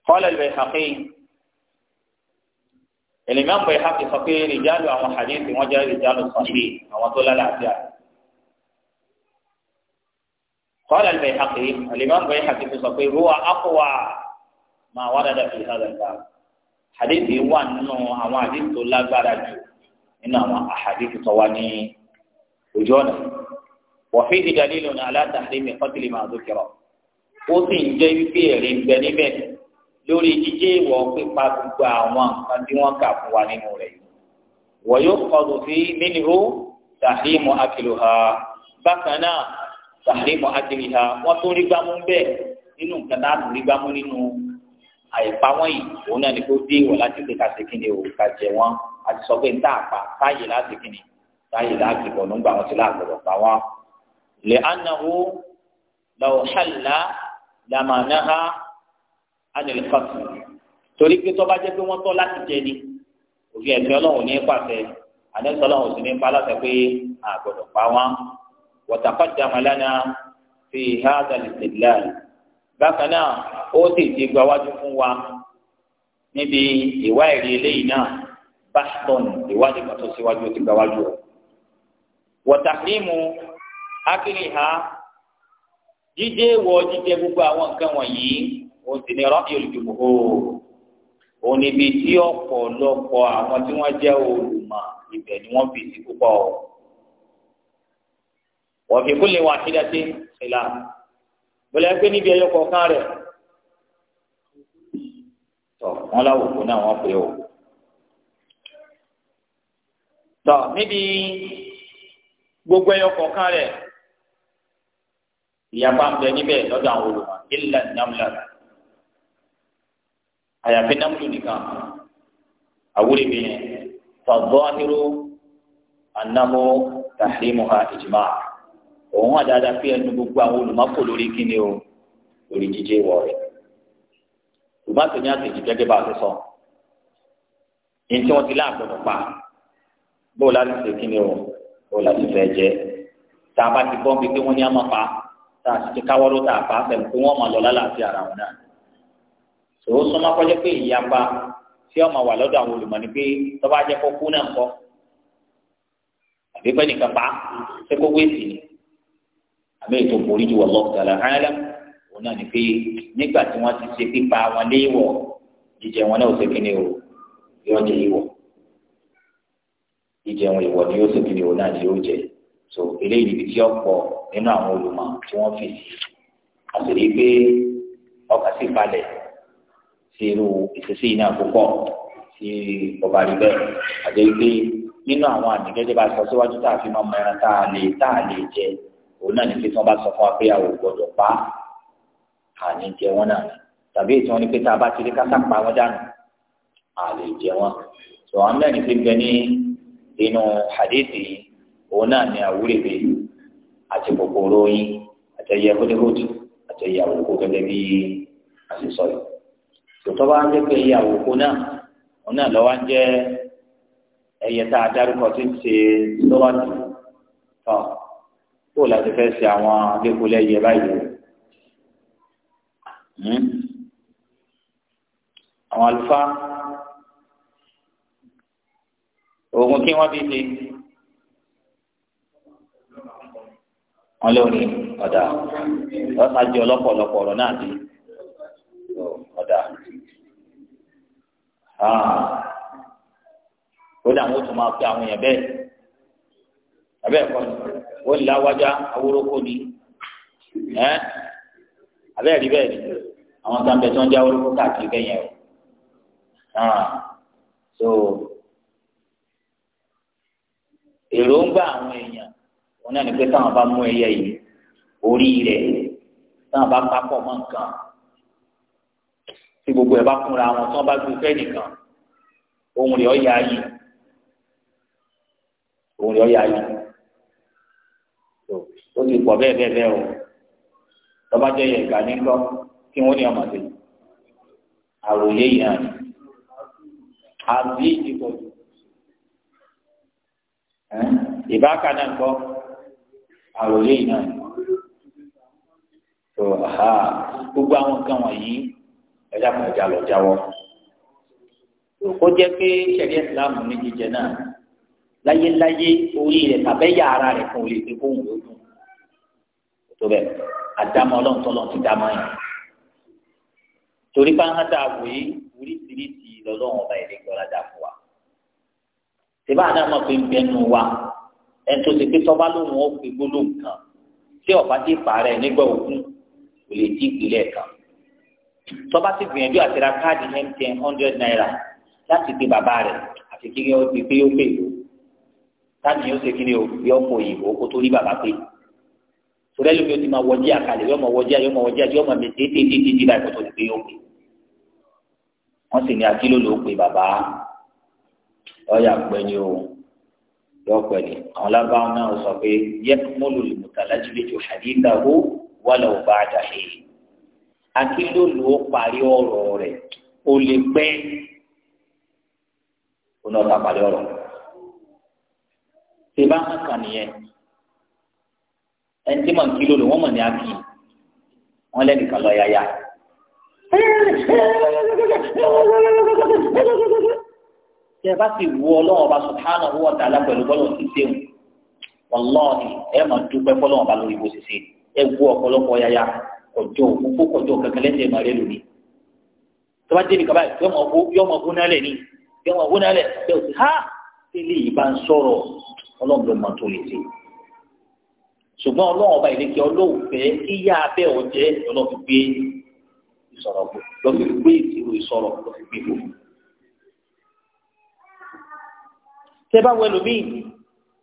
قال البيهقي الإمام بيهقي فقير رجال وحديث وجاء رجال صحيح وطلع الأعداء قال البيهقي الإمام البيهقي في صحيح هو أقوى ما ورد في هذا الباب حديث يوان إنه أما حديث لا بارج إنما أحاديث تواني وجونا وفيه دليل على تحريم قتل ما ذكر وفي جاي في ربني به lórí jíjẹ ìwọ pípa gbogbo àwọn nǹkan tí wọn kà fún wa nínú rẹ̀ wọ tàbí mọ adìrìhà wọn tó rí gbámú bẹ́ẹ̀ nínú nǹkan tá a lò rí gbámú nínú àìpa wọn yìí òun náà ni kó dé ìwọ láti pé ká ṣe kíni o ká jẹ wọn àti sọ pé níta àpá táyè láti kíni táyè láti bọ̀ nígbà wọn ti láàgbọ̀dọ̀ pa wọn. lè anahu lọ hàlá lamanaha anilkọtù torí pé tó bá jẹ́ pé wọ́n tọ́ láti jẹ ni òfin ẹ̀sìn ọlọ́run ní pàṣẹ àdéhùn sì ní pa láṣẹ pé àgbọ̀dọ̀ pa wọn. وتقدم لنا في هذا الاستدلال بقنا أوتي تقواد فوا نبي إوائل إلينا بحث لواجب تسواج تقواد وتحريم أكلها jíjẹ wọ jíjẹ gbogbo àwọn nǹkan wọ̀nyí òun sì ni rọ́ọ̀kì olùdìbò òun níbi tí ọ̀pọ̀lọpọ̀ àwọn tí wọ́n jẹ́ olùmọ̀ ibẹ̀ ni wọ́n fi sí púpọ̀ ọ̀ wọ́n fi kúlẹ̀ wà kídà sí ìlà bọ́lá ẹgbẹ́ níbi ẹyọ kọ̀ọ̀kan rẹ̀ tọ̀ wọ́n láwò fún náà wọ́n pè ó tọ̀ níbi gbogbo ẹyọ kọ̀ọ̀kan rẹ̀ ìyapa ń bẹ níbẹ̀ lọ́dọ̀ àwọn olùmọ̀ ilẹ̀ nàmúlà àyàfi nàmúlù nìkan àwúrẹ́ mi yẹn fàgbọ́ àhírò ànámọ́ tàhímù ha ìjìmá òun wà dáadáa pé ẹnu gbogbo àwọn olùmọ́kò lórí kíni o lórí jíjẹ wọ rẹ ṣùgbọ́n àtẹ̀yìn àtẹ̀yìn gẹ́gẹ́ bá a ti sọ ní tí wọ́n ti lá àgbọ̀dọ̀ pa bó o láti ṣe kíni o bó o láti fẹ́ jẹ tá a bá ti bọ́n bí pé wọ́n ní á pa tá a sì ti káwọ́ ló tà pa fẹ́ pé wọ́n máa lọ lálàáfíà ara wọn náà tòó súnmọ́ kọjá pé ìyapa tí ọmọ wà lọ́dọ̀ àwọn olùmọ̀ ni pé tọ́ba jẹ́ kó kú náà kọ́ àbí pẹ́ nìkan pa ṣé kó wéèsì ni àbẹ́ ètò ìforí ju wallahu ta'ala a'lam òun náà ni pé nígbà tí wọ́n ti ṣe pípa wọn léèwọ̀ jíjẹ wọn náà ò ṣe kíni o yóò jẹ ìwọ̀ jíjẹ wọn ìwọ̀ ni yóò ṣe kíni o náà ni yóò jẹ so eléyìí níbi tí ọ̀pọ̀ nínú àwọn olùmọ̀ tí wọ́n fi sí àtòrí pé ọkà sì balẹ̀ sí irú ìṣesí iná púpọ̀ sí ọba rí bẹ́ẹ̀ àti pé nínú àwọn àmì gẹ́gẹ́ bá a sọ síwájú tá a fi máa mọ ẹran tá a lè tá a lè jẹ òun náà ní pé tí wọ́n bá sọ fún wa pé àwọn gbọ́dọ̀ pa àní jẹ wọn náà tàbí ìtàn ní pé tá a bá ti rí kásá pa wọn dànù àlè jẹ wọn tó àwọn náà ní pé bẹ ní inú hadithi yìí òun náà ní àwúrẹ̀ bẹ àti kòkòrò yín àti ẹyẹ kódekódù àti ẹyẹ àwòkó gẹ́gẹ́ bí àṣìṣọ yìí bá ń jẹ́ pé ẹyẹ àwòkó náà òun náà lọ́wọ́ ń jẹ́ ẹyẹ tá a dárúkọ tó ń ṣe lọ́wọ́ tó tọ́ kó láti fẹ́ ṣe àwọn akẹ́kọ̀ọ́ lẹ́yẹ báyìí hmm? àwọn àlùfáà oògùn kí wọ́n bí ṣe wọ́n lórí ọ̀dà lọ́sàájú ọlọ́pọ̀lọpọ̀ ọ̀rọ̀ náà di ọ̀dà kódà wọ́n tún máa pe àwọn èèyàn bẹ́ẹ̀ abẹ́ ẹ̀kọ́ ni wọ́n lè láwájá awórókó ni ẹ́ abẹ́ ẹ̀rí bẹ́ẹ̀ ni àwọn sáńbẹ̀ tí wọ́n jẹ́ awórókó káàkiri kẹ́yìn ẹ̀ ah. so èròǹgbà àwọn èèyàn wọn náà ní pé táwọn bá mú ẹyẹ yìí orí rẹ̀ táwọn bá papọ̀ mọ́ nǹkan tí gbogbo ẹ̀ bá kúnra wọn tí wọ́n bá gbé fẹ́ nìkan ohun rẹ̀ ọ̀ yá yìí ohun rẹ̀ ọ̀ yá yìí ó ti pọ̀ bẹ́ẹ̀ bẹ́ẹ̀ bẹ́ẹ̀ o tọ́ba jẹ́ yẹ ìgbà ní kọ́ kí wọ́n ní ọmọdé àròyé yìí hàn àbí ìdìbò ìbáka náà kọ́ àròyé yìí hàn tó ha gbogbo àwọn nǹkan wọ̀nyí ẹ̀dá kan ìjà lọ jáwọ́ ó jẹ́ pé sẹ̀rí ìsìlámù ní jíjẹ náà láyéláyé orí rẹ̀ tàbẹ́yà ara rẹ̀ kan ò lè fi kóhùn lódùn tó bẹ́ẹ̀ àdámọ́ ọlọ́run tọ́lọ́ ti dámọ́ yẹn torí pàǹhà tá a wò yí oríṣiríṣi lọ́lọ́run ọba ìdẹ́gbẹ́ ọ̀làdà fún wa tìbá àná máa fi ń bẹnu wa ẹni tó ti pé tọ́ba lòun ó pe gbólóhùn kan tí ọba ti pààrẹ̀ nígbà ogún kò lè dín ìpìlẹ̀ kan tọ́ba ti gbìyànjú àti ra káàdì mtn hundred naira láti pe bàbá rẹ̀ àti kí ó ti pé ó pè lò táàmì yóò ṣe kí ni yóò fò yìí òkú tó rí bàbá pé yìí torí ẹlòmí o ti máa wọjí àkàlẹ̀ yọmọ wọjí àyọmọ wọjí àti yọmọ mi tètè tètè tí báyìí kótó ti pé yóò pè wọn sì ní akíló ló pè bàbá lọ́ọ̀yà pẹ̀lú o yọ pẹ̀lú àwọn lábáwọn náà sọ pé yẹ mọ́lù lùmùtàlájú lẹ́jọ́ àdídàwó wà lọ́wọ́ bá a dàhé akíló ló parí ọ̀rọ̀ rẹ̀ o lè pẹ́ o náà ta parí ọ̀rọ̀ tèbá hàn kàn ẹni tí màá kí lólo wọ́n mọ̀ ní akí wọ́n lẹ́nìkan lọ yáyá. tí ẹ bá sì wú ọlọ́wọ́n ọba subhanahu wa ta'ala pẹ̀lú bọ́lọ̀ sí sẹ́wọ̀n wàlọ́ọ̀ni ẹ máa dúpẹ́ fọlọ́wọ́n ọba lórí bó ṣe ṣe ẹ wú ọ̀pọ̀lọpọ̀ yáyá kọjọ òkúkú kọjọ kankan lẹ́sẹ̀ máa rẹ lónìí tó bá dé nìkan báyìí yọmọ ogún nálẹ̀ ni yọmọ ogún nálẹ̀ bẹ́ẹ̀ sì ha tẹ́lẹ̀ yìí bá ń sọ̀rọ̀ ọlọ́run ló mọ tó lè ṣe ṣùgbọ́n ọlọ́run ọba ìlẹkẹ ọlọ́run fẹ́ kíyà abẹ ọjẹ ọlọ́run fi gbé ìsọ̀rọ̀ bò lọfi gbé ìṣirò ìsọ̀rọ̀ lọfi gbé bò. tẹ bá wẹlò míì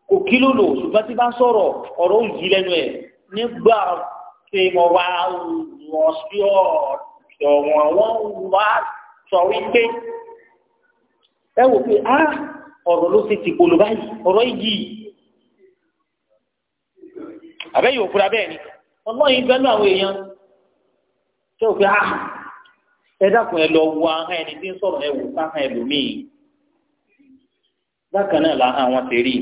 kò kí ló lò ṣùgbọ́n tí bá ń sọ̀rọ̀ ọ̀rọ̀ ò lẹ́nu ẹ̀ nígbà tí mo wá wọ́n sí ọ̀wọ́n wọ́n wá sọ wípé ẹ wò pé ah, ọ̀rọ̀ ló ti ti polo báyìí ọ̀rọ̀ yìí àbẹ́ yóò fura bẹ́ẹ̀ ni ọlọ́run yìí bẹ́ẹ̀ lọ àwọn èèyàn ṣé o fi hà ah, ẹ dákun ẹ lọ wo ahọ́n ẹni tí ń sọ̀rọ̀ ẹ wò sáhọ́n ẹlòmíì bákan náà làhán wọn ti rí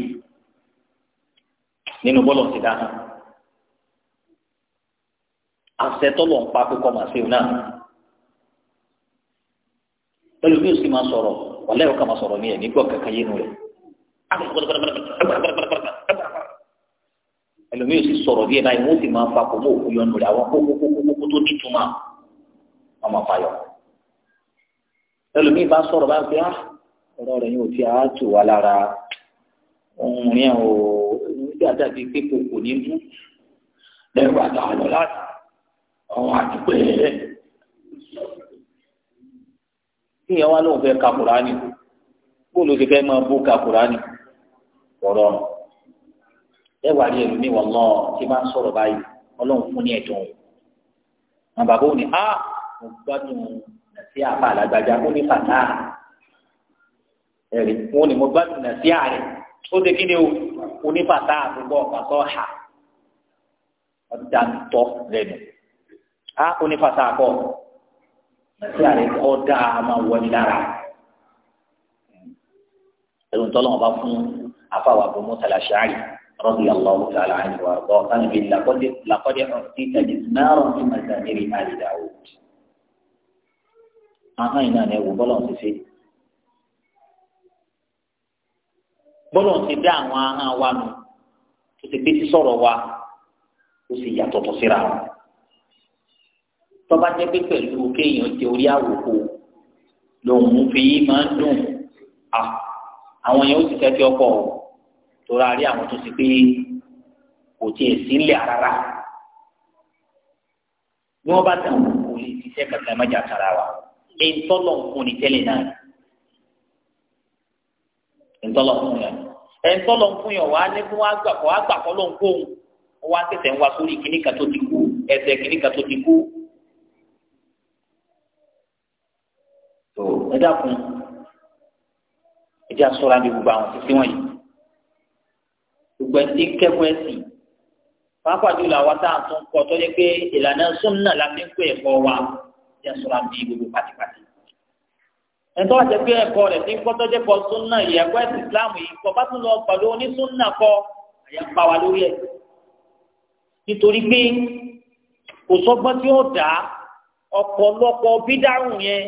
nínú bọ́lọ̀ ti dáhán àṣẹ tọ́lọ̀ ń pa kókọ́ màá ṣe náà ẹlòmíì sì máa sọ̀rọ̀ wàlẹ́ ọ̀ka máa sọ̀rọ̀ ní ẹ̀ nígbà kankan yé nu rẹ̀ ẹlòmíì sì sọ̀rọ̀ bí ẹ báyìí wọ́n sì máa fa kò mọ́ òkú yọnu rẹ̀ àwọn kókókókókó tó nítumọ̀ wọ́n máa fa yọ. ẹlòmíì bá sọ̀rọ̀ báyìí pé á ah, ọ̀rọ̀ rẹ̀ yóò ti àátù wá lára ohun rẹ̀ o nígbà dàbí pé kò kò ní mú lẹ́rù àtàlọ́ láti ọ̀hún àdúgbò ẹ̀ ìyẹn wá lóun fẹ́ ka Kùránì bó ti fẹ́ máa bú ka Kùránì ọ̀rọ̀ ọ̀rọ̀ ẹwà rí ẹlòmíì wọ lọ tí bá ń sọ̀rọ̀ báyìí Ọlọ́run fún ní ẹdùn àwọn bàbá òní a mo gbádùn nàṣí àpá àlágbájá ó ní fàtà ẹrí wọn ni mo gbádùn nàṣí àrẹ ó dé kíni o ó ní fàtà àbúgbọ pàtó ha ọjà ń tọ lẹ́nu a ó ní fàtà àkọ nàṣí àrẹ ọdà máa wọlé lára ẹrù ń tọ́lọ́wọ́n bá fún afáwà bọ́mọ́sálà ṣáàrì. رضي الله تعالى عنه وارضاه قال لقد لقد اعطيت جزمارا من مزامير ال داوود ahọ́n iná ni ẹ̀wò bọ́lọ̀ ti ṣe. bọ́lọ̀ ti dá àwọn ahọ́n wa nù tó ti pé sísọ̀rọ̀ wa ó sì yàtọ̀tọ̀ síra wọn. tọ́ba jẹ́ pé pẹ̀lú kéèyàn jẹ orí àwòkọ lòun fi máa ń dùn àwọn yẹn ó ti fẹ́ fi ọkọ̀ ọ̀ torí a rí àwọn tó ti pé kò tiẹ̀ sílẹ̀ rárá bí wọ́n bá tẹ̀ wọ́n kò lè ṣiṣẹ́ kankan má jà tara wa ìtọ́lọ̀ nǹkan ní tẹ́lẹ̀ náà ìtọ́lọ̀ nǹkan yẹn ẹ̀ńtọ́lọ̀ nǹkan yẹn wàá ní fún agbàkọ́ agbàkọ́ ló ń kó òun wọ́n á tẹ̀sẹ̀ ń wá sórí kìnnì kan tó ti kú ẹsẹ̀ kìnnì kan tó ti kú. ẹ dákun ẹ jẹ́ àṣọra ní gbogbo àwọn títí wọ̀nyí gbogbo ẹtí kẹ́kọ̀ọ́ ẹ̀sì pápá jùlọ àwa tá a tún kọ tó yẹ pé ìlànà súnmùnà la fi ń kó ẹ̀kọ́ wa yẹ sọ́ra bíi gbogbo pàtìpàtì. ẹ̀tọ́ àti pé ẹ̀kọ́ rẹ̀ ti ń kọ́ tọ́jú kọ súnmùnà yìí ẹ̀kọ́ ẹ̀sì islam yìí kọ́ bá tún lọ pẹ̀lú onísúnmùnà kọ àyà ń pa wa lórí ẹ̀. nítorí pé kò sọ́gbọ́n tí ó dá ọ̀pọ̀lọpọ̀ bídáhùn yẹn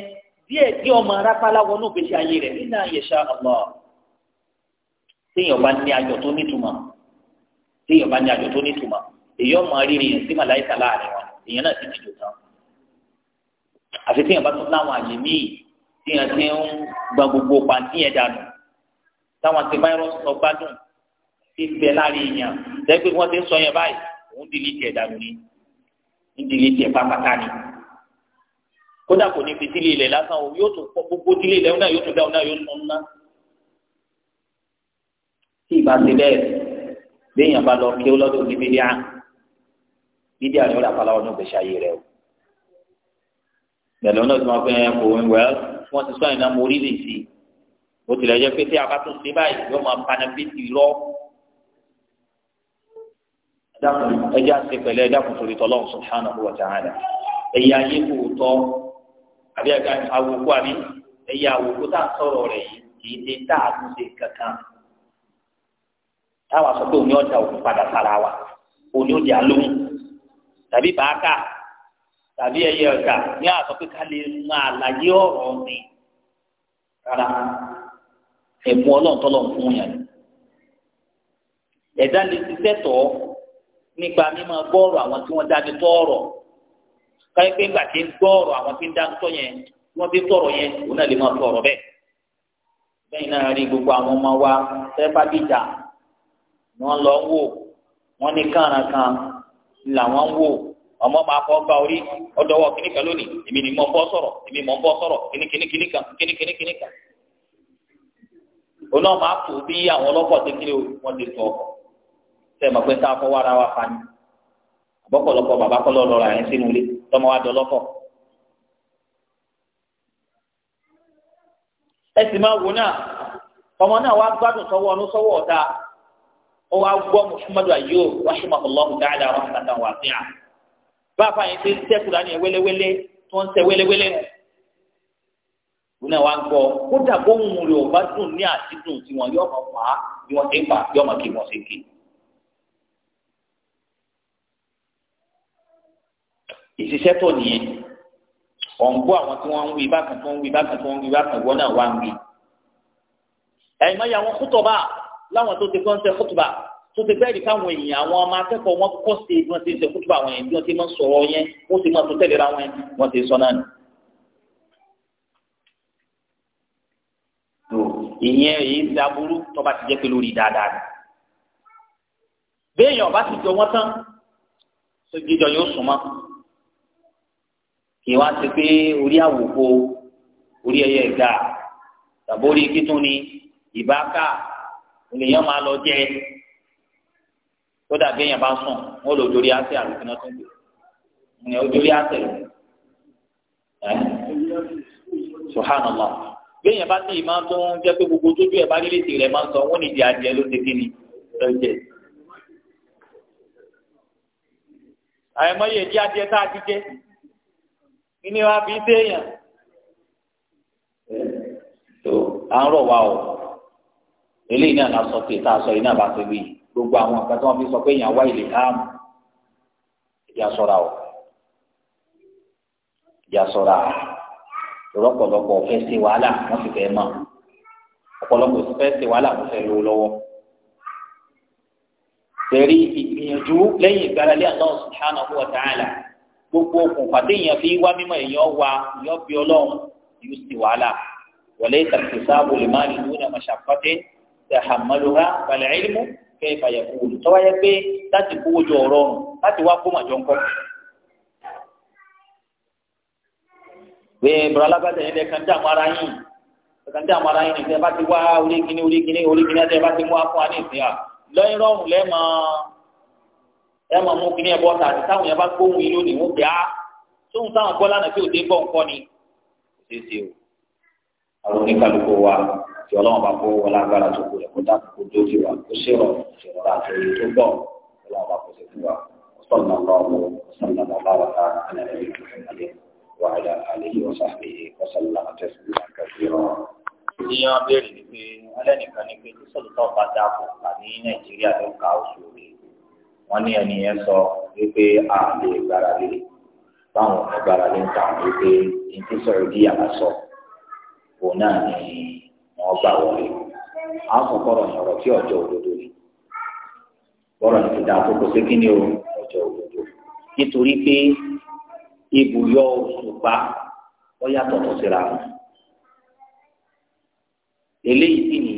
díẹ̀ tí ọmọ arápálá wọnú téèyàn bá ní àjò tó nítumọ̀ èyí ọmọ rírì yẹn sí màláìka láàrin wọn èèyàn náà sì ti jò tán àfi téèyàn bá tún láwọn àyè míì téèyàn ti ń gba gbogbo pàǹtí yẹn dànù táwọn ti fáírọ́ọ̀sì sọ gbádùn ti bẹ láàrin èèyàn lẹ́gbẹ̀ẹ́ wọ́n ti ń sọ yẹn báyìí òun dìlì tiẹ̀ dànù ni ń dìlì tiẹ̀ pátákà ni kódà kò ní fi sílé ilẹ̀ lásán o yóò tún pọ̀ gbogbo sílé ilẹ̀ náà yóò tún dáhùn náà yóò tún ná tí ì béèyàn bá lọ kí ó lọ́dọ̀ ní bíbí à bíbí à ni ó làpá láwọn ọdún ayé rẹ o bẹ̀rẹ̀ lọ́nà tí wọ́n fẹ́ kó wọn wẹ̀ wọ́n ti sọ àyìnbá mo rí lè sí o tilẹ̀ jẹ́ pé tí a bá tún ṣe báyìí yóò máa paná bí ti lọ ẹjẹ́ àti pẹ̀lẹ́ ẹjẹ́ àkùnfò lè tọ́lọ́ subhanahu wa ta'ala ẹ̀yà ayé kò tọ́ àbí àwòkú àbí ẹ̀yà àwòkú tá a sọ̀rọ̀ rẹ̀ yìí kì í táwa sọ pé òní ọjà òkú padà sára wa òní ọjà lóhùn tàbí bàákà tàbí ẹyẹ ọjà ní àsọ pé ká lè máa àlàyé ọ̀rọ̀ ọ̀gbìn rárá ẹ̀mú ọlọ́ọ̀tọ́lọ́ fún yàn ẹ̀dá lè ti sẹ́tọ̀ nípa mímọ gbọ́ọ̀rọ̀ àwọn tí wọ́n dájú tọ́ọ̀rọ̀ káyọ̀ pé gbà gbọ́ọ̀rọ̀ àwọn tí ń dá tọ́ yẹn tí wọ́n ti tọ̀rọ̀ yẹn òun náà lè máa tọ̀rọ̀ bẹ́ẹ̀ bẹ́ẹ̀ náà rí gbogbo àwọn ọmọ wa fẹ́ẹ́ bá bíjà wọn lọ ń wò ní kànrànkàn làwọn wọn wò ọmọ máa fọ́ gba orí lónìí èmi ni mo sọ̀rọ̀ èmi mo sọ̀rọ̀ kíníkíníkíní kan kan oná máa bí àwọn tó kiri wọn ti pé sáà bàbá wa ẹ sì máa wò náà ọmọ náà gbádùn ó wá gbọ́ muhammadu ayo rahimahullahu ta'ala rahmatan wasi'a báfa yẹn ti tẹ́ Kùránì wéléwélé tó ń tẹ wéléwélé wọn wá gbọ́ kódà bóun rẹ̀ ò bá dùn ní àtidùn tí wọn yóò máa fà á bí wọ́n ti ń fà á yóò máa kí wọ́n ṣe kí. ìṣiṣẹ́ tó nìyẹn ọ̀nbọ́ àwọn tí wọ́n ń wí bákan tó ń wí bákan tó ń wí bákan ìwọ náà wá ń wí. ẹ̀yin máa yà wọn kú tọ̀ báà láwọn tó ti kọ́ ń ṣe kútùbà tó ti bẹ́ẹ̀ di káwọn èèyàn àwọn ọmọ akẹ́kọ̀ọ́ wọn kọ́ sí bí wọ́n ti ń ṣe kútùbà wọn yẹn bí wọ́n ti máa ń sọ̀rọ̀ yẹn wọ́n ti máa tó tẹ̀lé ra wọn yẹn wọ́n ti sọ náà ni. ìyẹn èyí ń da tó bá ti jẹ́ pé lórí dáadáa ni. béèyàn bá ti jọ wọ́n tán jíjọ yóò sùn mọ́ kì í ti pé orí àwòkọ orí ẹyẹ ìgbà tàbí orí kíntún ni ìbáka ènìyàn máa lọ jẹ tó dàbí èèyàn bá sùn wọn lò dórí àṣẹ àlùfínà tó ń bẹ ní ojúlé àṣẹ ẹ subhanallah bí èèyàn bá ní ìmọ̀ tó ń jẹ́ pé gbogbo tójú ẹ̀ bá rí lè tèrè máa ń sọ wọ́n ní ìdí adìẹ ló ti kí ni ló ń jẹ. àìmọye ìdí adìẹ tá a ti jẹ nínú wa bí tó à ń rọ̀ wá o eléyìí náà la sọ pé tá a sọ yìí náà bá pé wíyì gbogbo àwọn nǹkan tí wọn fi sọ pé èèyàn wá ilé káàmù ìjà sọra o ìjà sọra lọ́pọ̀lọpọ̀ fẹ́ ṣe wàhálà wọ́n sì fẹ́ mọ̀ ọ̀pọ̀lọpọ̀ fẹ́ ṣe wàhálà wọ́n fẹ́ lówó lọ́wọ́ tẹ̀rí ìgbìyànjú lẹ́yìn ìgbàlálẹ́ Allah subhanahu wa ta'ala gbogbo okùn pàdé èèyàn fi wá mímọ́ èèyàn wá èèyàn bí ọlọ́run yóò sì wàhálà wọlé ìtàkùn sáàbù tàhámàlúhà balẹ̀ ẹ̀lmù kẹ́ ìfàyà kú wòlò tọ́wọ́ yẹ pé láti kówó jọ ọ̀rọ̀ ọ̀run láti wá kó màjọ ńkọ́. bẹ́ẹ̀ bọ̀rọ̀ alágbàtà yẹn lẹ́ẹ̀kan dààmú ara yín lẹ́ẹ̀kan dààmú ara yín nìkan ẹ bá ti wá orí kíní orí kíní orí kíní ẹ bá ti mú afọ àní ìsìn à lọ́yìn rọrùn lẹ́ẹ̀mọ́ ẹ̀mọ́ mú kíní ẹ̀bọ́ ta àti táwọn yẹn bá gbóhùn ìlú nìwó bíi á tóun táwọn gbọ́ lánàá tí òde bọ̀ ńkọ́ ni kò ṣeé ṣe o àwọn oníkàlùkù wa kí ọlọ́run bá kó wọlé agbára tó kú rẹ̀ kó dá kó tó ti wà kó ṣèrọ̀ ṣèrọ̀ àti èyí tó gbọ̀ ọlọ́run bá kó ṣe fún wa ọ̀sán náà lọ́wọ́ ọ̀sán náà lọ́wọ́ ta ẹnẹ́rẹ́ yìí tó fún mi wàhálà àlejò ọ̀sán àlejò ọ̀sán náà tẹ̀síwájú kẹfìrọ̀. ìyá béèrè ni pé alẹ́ nìkan ni pé sọ́dọ̀ tó bá dá kó kà ní nàìjíríà ló ka oṣù rẹ̀ wọ́n ní ẹni yẹn sọ wípé a lè gbára lé báwọn ọ̀gbára lé ń ta wípé ìdí wọn gbà wọlé àwọn kan kọrọ ní ọ̀rọ̀ tí ọjọ́ òdodo ni bọrọ ní ti da àkókò sí kí ni o ọjọ́ òdodo nítorí pé ibùyọ òṣùpá ó yàtọ̀ tó síra wọn eléyìí sì ni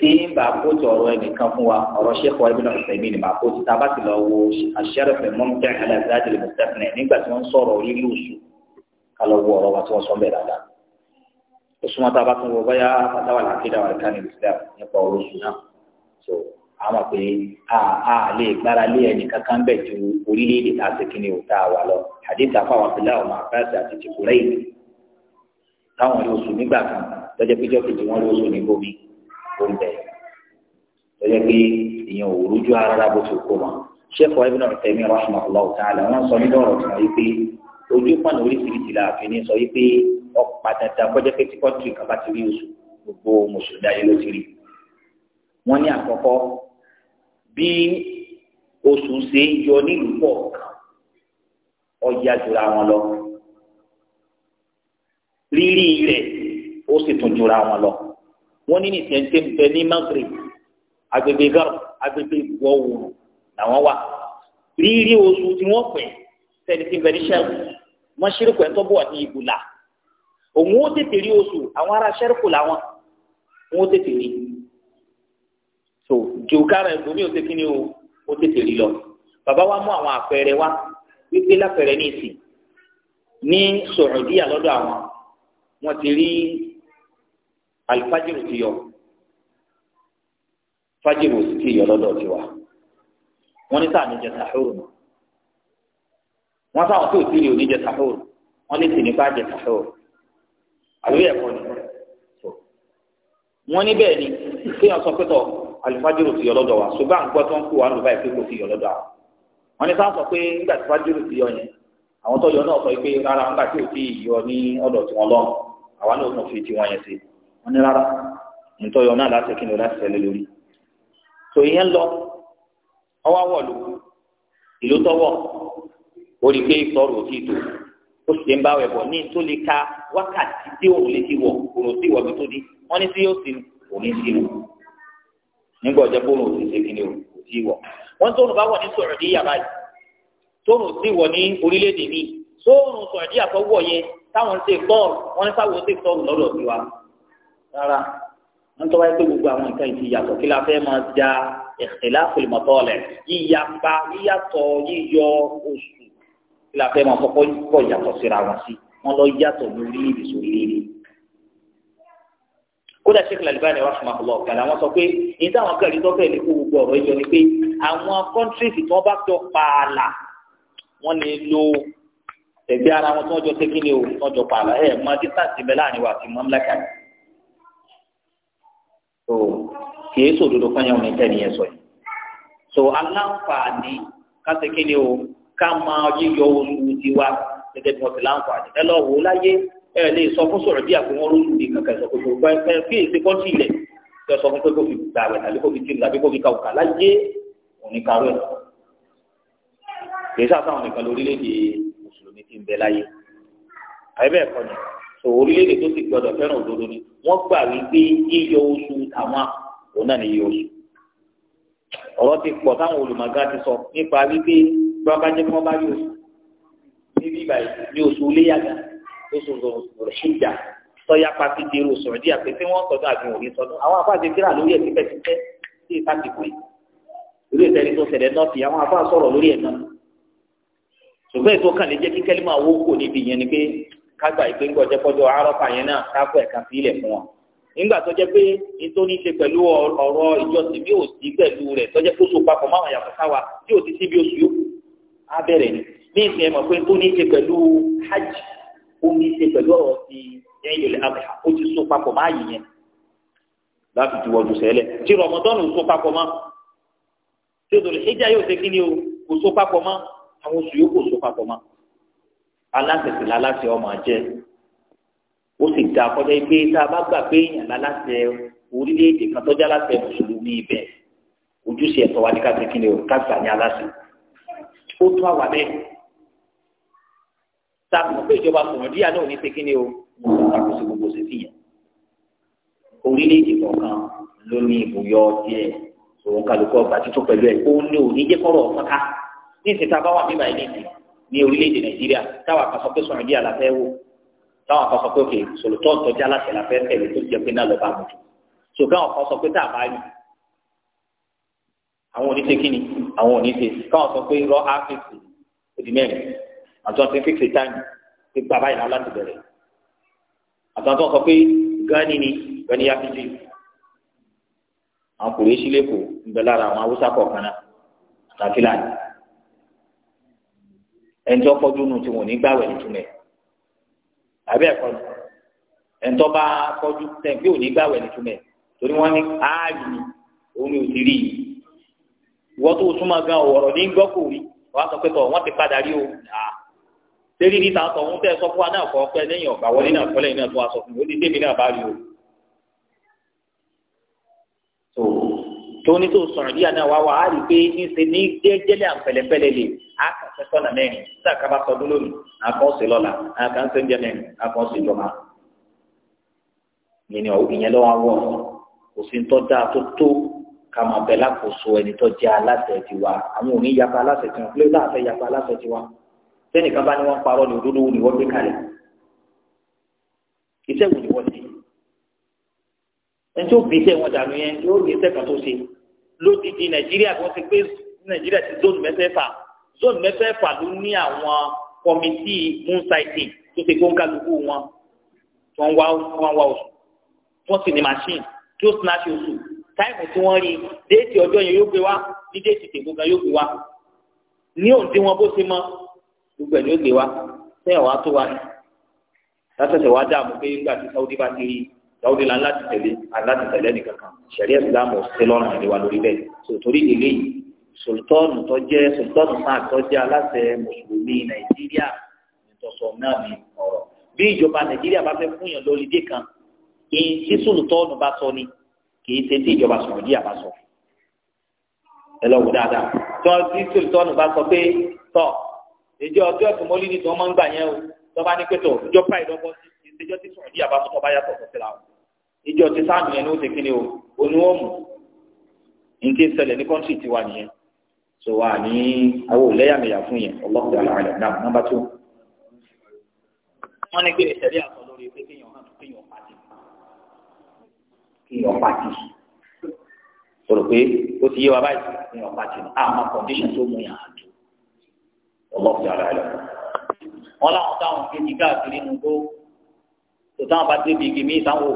tí ń bá kóòtù ọ̀rọ̀ ẹnìkan fún wa ọ̀rọ̀ ṣẹ́kọ̀ ẹ̀bínú ọ̀sẹ̀ mi ni màá kóòtù tá a bá ti lọ wo àṣẹ́rẹ̀fẹ̀ mọ́mútẹ́ aláìsíláàjì lè mọ̀ sẹ́fìnẹ̀ nígbà tí wọ́n ń sọ̀rọ̀ orí lóṣù ká lọ wo ọ̀rọ̀ wa tí wọ́n sọ bẹ́ẹ̀ dáadáa osùnmọ́ tá a bá tún wọ báyà fatawa làkìdá wà lẹ́ka ní islam nípa olóṣù náà so àwọn pé a a lè gbára lé ẹnì kankan bẹ̀ ju orílẹ̀-èdè tá a ti kíni ò tá a wà lọ àdéhùn àfàwọn àbílẹ̀ àwọn àkáàsì àti tìkúrẹ́ ìlú táwọn ní oṣù nígbà kan lọ́jọ́ péjọ́ kejì wọn ló oṣù ní gómi tó ń bẹ̀ lọ́jọ́ pé èèyàn ò rújú rárá bó ti kó mọ́ sẹ́kọ̀ọ́ ẹ̀bí náà tẹ̀mí rahmatulah ta'ala wọ́n sọ nígbà tí wọ́n yí pé ojú pọ̀nà oríṣiríṣi la fi ní sọ yí pé ọ̀pá dandan kọjá pé tí kọ́ńtì kan bá ti rí oṣù gbogbo mùsùlùmí ayé ló ti rí wọ́n ní àkọ́kọ́ bí oṣù ṣe ń yọ nílùú pọ̀ kan ọjà jura wọn lọ rírí rẹ̀ ó sì tún jura wọn lọ wọ́n ní nìtẹ̀ǹtẹ̀ ń bẹ ní Maghrib agbègbè gàr agbègbè ìwọ̀ oòrùn làwọn wà rírí oṣù tí wọ́n pè sẹ́ni tí ń bẹ ní sẹ́wọ̀n mọ́ṣírí pẹ̀tọ́ bọ̀ ní ìbùlà òun ó tètè rí oṣù àwọn ará sẹ́ríkù làwọn òun ó tètè rí so ju kára ẹ̀ lómi ò tètè ní o ó tètè rí lọ bàbá wa mú àwọn àpẹẹrẹ wa wípé lápẹẹrẹ ní ìsìn ní sọ̀rọ̀díyà lọ́dọ̀ àwọn wọ́n ti rí alifajiru ti yọ fajiru sì ti yọ lọ́dọ̀ tiwa wọ́n ní sáà níjẹ sàhóòrò mọ́ wọ́n sáwọn tó ti rí oníjẹ sàhóòrò wọ́n lè sì nípa jẹ sàhóòrò. àbí ẹ̀kọ́ ni wọ́n ní bẹ́ẹ̀ ni kéèyàn sọ pé tọ̀ alifájúrò ti wa ṣùgbọ́n àgbọ̀ tó ń kó wa lùbáyìí pé kò ti yọ lọ́dọ̀ wa wọ́n ní sáà sọ pé nígbà tí fájúrò ti yọ yẹn àwọn tó yọ náà sọ pé rárá nígbà tí ò ti yọ ní ọ̀dọ̀ tí wọ́n lọ àwa náà fi yẹn wọ́n ní rárá nítọ́ yọ náà láti kíni láti lórí tó ìyẹn lọ ọwọ́ ìlú orí pé ó sì ń bá wẹ̀ bọ̀ ní tó lè ka wákàtí tí òun lè ti wọ̀ òun sì wọ̀ bí tó di wọ́n ní sí yóò sì òun ní sí wọ̀ nígbà ọjọ́ pé òun ò sì ṣe kí ni o kò sí wọ̀ wọ́n tóun bá wọ̀ ní sọ̀rọ̀dí yàrá yìí tóun sì wọ̀ ní orílẹ̀-èdè mi tóun sọ̀rọ̀dí àtọwọ́ yẹn táwọn ṣe tọ́ọ̀rù wọ́n ní sáwọn ṣe tọ́ọ̀rù lọ́dọ̀ sí wa rárá wọ́n tọ́ wáyé pé gbogbo àwọn nǹkan ìtì yàtọ̀ kí la fẹ́ máa ja ìṣẹ̀lá fìlìmọ̀tọ́ rẹ̀ yíyapa yíyàtọ̀ yíyọ oṣù kí la fẹ́ máa kọ́kọ́ pọ̀ yàtọ̀ síra wọn sí wọn lọ yàtọ̀ lórí ìbísọ̀ ìrírí. kódà Sheikh Al-Albani rahimahullah ọ̀gá làwọn sọ pé èyí táwọn kẹrin tó fẹ́ẹ́ lè kó gbogbo ọ̀rọ̀ yọ ni pé àwọn kọ́ńtírìsì tí wọ́n bá jọ pààlà wọ́n lè lo ẹgbẹ́ ara wọn tí wọ́n jọ tẹ́kí ni o tí wọ́n jọ pààlà ẹ̀ mọ distance bẹ láàrin wa àti mọ́mílákà yìí. so kìí sòdodo fún yẹn ni o ká máa yíyọ oṣù tiwa gẹ́gẹ́ bí wọ́n ti láǹfààní ẹ lọ wò ó láyé ẹ lè sọ fún sọ̀rọ̀ bí àpò wọn lóṣù ní kankan ìsọkò tó gbọ́ ẹ fi èsì kọ́ sí ilẹ̀ ẹ sọ fún pé kò fi gbà wẹ̀ tàbí kò fi tìlù tàbí kò fi ka òkà láyé òní karọ́ ẹ̀ kìí sáfàwọn nìkan lórílẹ̀‐èdè mùsùlùmí ti ń bẹ láyé àbẹ́bẹ́ ẹ̀kọ́ ni so orílẹ̀‐èdè tó sì gbọdọ̀ fẹ́ràn òdodo ni wọ́n gbà wípé yíyọ oṣù tàwọn òun náà ni yíyọ oṣù ọ̀rọ̀ ti pọ̀ táwọn olùmọ̀gá ti sọ nípa wípé bí wọn bá jẹ kí wọn bá rí oṣù níbí ìbàyí ní oṣù léyàgá oṣù rẹṣíjà sọyà pàṣẹ ti ru oṣù rẹdíà pé tí wọn sọdún àbí wọn ò ní sọdún àwọn afáàṣẹ kíra lórí ẹ tipẹtipẹ sí ìfàsìkò yìí ìlú ìtẹrí tó ṣẹlẹ̀ nọọsì àwọn afáà sọ̀rọ̀ lórí ẹ náà ṣùgbọ́n ètò kan lè jẹ́ kí kẹ́lí máa wó kò níbi yẹn ni pé kágbà ìpéǹgbọ́ jẹ́ kọ́jọ́ arọ́pà yẹn náà káfọ́ ẹ̀ka sílẹ̀ fún wọn nígbà tó jẹ́ pé nítorí ṣe pẹ̀lú ọ̀rọ̀ ìjọsìn bí ò sí pẹ̀lú rẹ̀ tó jẹ́ kó so papọ̀ máwọn yàtọ̀ sáwa tí ò ti sí bí oṣù yòókù abẹ́rẹ́ ni ní ìsìn ẹ̀mọ̀ pé tó ní ṣe pẹ̀lú hajj ó ní ṣe pẹ̀lú ọ̀rọ̀ ti ẹ̀yìn lè abẹ́hà ó ti sún papọ̀ má yìí yẹn láti ju ọdún sẹ́lẹ̀ tí rọmọdọ́nù sún papọ̀ mọ́ tí òdòdó ìjà yóò ṣe kí ni o kò sún papọ̀ mọ́ àwọn oṣù yóò kò sún papọ̀ mọ́ aláṣẹṣẹ láláṣẹ ọmọ jẹ ó sì dá kọjá pé tá a bá gbà pé èèyàn láláṣẹ orílẹ̀-èdè kan tọ́jà láṣẹ mùsùlùmí ibẹ̀ ojúṣe ẹ̀tọ́ wa ní ká ṣe kí ni o ká sà ní aláṣẹ ó tún àwà bẹ́ẹ̀ tá a mọ̀ pé ìjọba sọ̀rọ̀ díà náà ní pekin ní o àkóso gbogbo ṣe fìyà orílẹ̀-èdè kọ̀ọ̀kan ló ní ìbùyọ díẹ̀ òun kálukọ́ ọgbà títún pẹ̀lú ẹ̀ ó ní òní jẹ́ kọ́rọ̀ ọ̀fọ́ká ní ìsìn tá a bá wà bíbá ilé ìsìn ní orílẹ̀-èdè nàìjíríà táwa kan sọ pé sọ̀rọ̀ díà la fẹ́ wò táwa kan sọ pé òkè sòlùtọ́ ọ̀tọ́jà láti la fẹ́ tẹ̀lé tó jẹ́ pé náà lọ́ba àmójú ṣùgbọ́n ọ̀kan sọ pé tá a bá yìí àwọn oníṣe kíni àwọn oníṣe káwọn sọ pé rọ áfíìsì òdì mẹ́rin àtúntò fífi táìmù pé bàbá ìlà láti bẹ̀rẹ̀ àtúntò sọ pé gani ni gani ya fi jù àwọn kòrè sílẹ̀ kò ń bẹ lára àwọn haúsá kọ̀ọ̀kan náà àtàkì láàyè ẹnitọ́ fọ́jú nù tí wọ́n ní gbàwẹ̀ nìtúmẹ̀ àbẹ́ ẹ̀kọ́ ni ẹnitọ́ bá fọ́jú tẹ̀ bí ò ní gbàwẹ̀ nìtúmẹ̀ torí wọ́n ní áàyè ni òun ò ti rí yìí ìwọ tó súnmọ́ gan ọ̀rọ̀ ní gbọ́ kò rí wàá sọ pé tọ̀ wọ́n ti padà rí o tẹ́lí níta sọ ohun tẹ́ sọ fún wa náà kọ́ pé lẹ́yìn ọ̀gbà wọlé náà fọlẹ́ náà tó wa sọ fún mi ó ti débi náà bá rí o. tóní tó sọ̀rọ̀ díà náà wá wá á rí i pé ní ṣe ní jẹ́jẹ́lẹ́ àpẹlẹpẹlẹ lè á kà fẹ́ sọ́nà mẹ́rin tí àkàbà sọdún lónìí àkàn ṣe lọ́la àkàn ni ìyẹn lọ́wọ́ àwọn kò sí ń Kama ká máa bẹ lákòóso ẹni tó jẹ́ aláṣẹ tiwa àwọn ò ní yapa aláṣẹ tiwa pé láàfẹ́ yapa aláṣẹ tiwa sẹ́nìkan bá ní wọ́n parọ́ ní òdodo wo ni wọ́n gbé kalẹ̀ iṣẹ́ wo ni wọ́n ṣe ẹni tó bí iṣẹ́ wọn dànù yẹn yóò rí iṣẹ́ kan tó ṣe lódìdí nàìjíríà tí wọ́n ti pé nàìjíríà ti zone mẹ́fẹ̀ẹ̀fà zone mẹ́fẹ̀ẹ̀fà ló ní àwọn kọmitì moon sighting tó ṣe kó ń kálukú wọn wọ́n wá wọ́n wá oṣù wọ́n sì ní machine tó snatch oṣù táìmù tí wọ́n rí déètì ọjọ́ yẹn yóò gbé wá ní déètì tègbó kan yóò gbé wá ní òun tí wọ́n bó ṣe mọ gbogbo ẹ̀ yóò gbé wá sẹ́yìn wá tó wá ní látọ̀tẹ̀ wá dáàmú pé nígbà tí Saudi bá ti rí Saudi la láti tẹ̀lé aláti tẹ̀lé nìkan kan sẹ̀rí ẹ̀sìlámù ọ̀sẹ̀ lọ́rùn àdéwà lórí bẹ́ẹ̀ sòtórí eléyìí sultọ́ọ̀nù tó jẹ́ sultọ́ọ̀nù sáà tó jẹ́ aláṣẹ mùsùlùmí Nàìjíríà ìtọ̀sọ̀ náà ní ọ̀rọ̀ bí ìjọba Nàìjíríà bá fẹ́ fún yàn lórí dé kan èyí tí sultọ́ọ̀nù bá sọ ni kìí ṣe tí ìjọba sọ̀rọ̀ díà bá sọ ẹ lọ wò dáadáa tọ́ tí tòlítọ́nù bá sọ pé tọ́ ìjọ ọjọ́ ẹ̀sùn mọ́lí ni tí wọ́n máa ń gbà yẹn o tọ́ bá ní pé tọ̀ ìjọ pa ìdọ́gbọ́n sí ìṣèjọ́ tí sọ̀rọ̀ díà bá sọ bá yàtọ̀ sọ̀tẹ̀ la ìjọ ti sáàmì yẹn ní ó ti kí o onú òmù ní ti ṣẹlẹ̀ ní kọ́ńtì tiwa nìyẹn so wa ní àwọn òlẹ́yàmẹ̀yà fún yẹn ọlọ́kùnrin àlàyé náà nọ́mbà tó. wọ́n ní pé ìṣẹ̀lẹ̀ àtọ̀ lórí pé kéèyàn kéèyàn pàtì sọ̀rọ̀ pé ó ti yé wa báyìí kéèyàn pàtì ní àwọn kọ̀ǹdíṣàn tó mú yàn án dùn ọlọ́ọ̀fẹ́ ara rẹ̀ wọn láwọn táwọn kejì káàkiri nu tó tó táwọn bá débi igi míì táwọn wò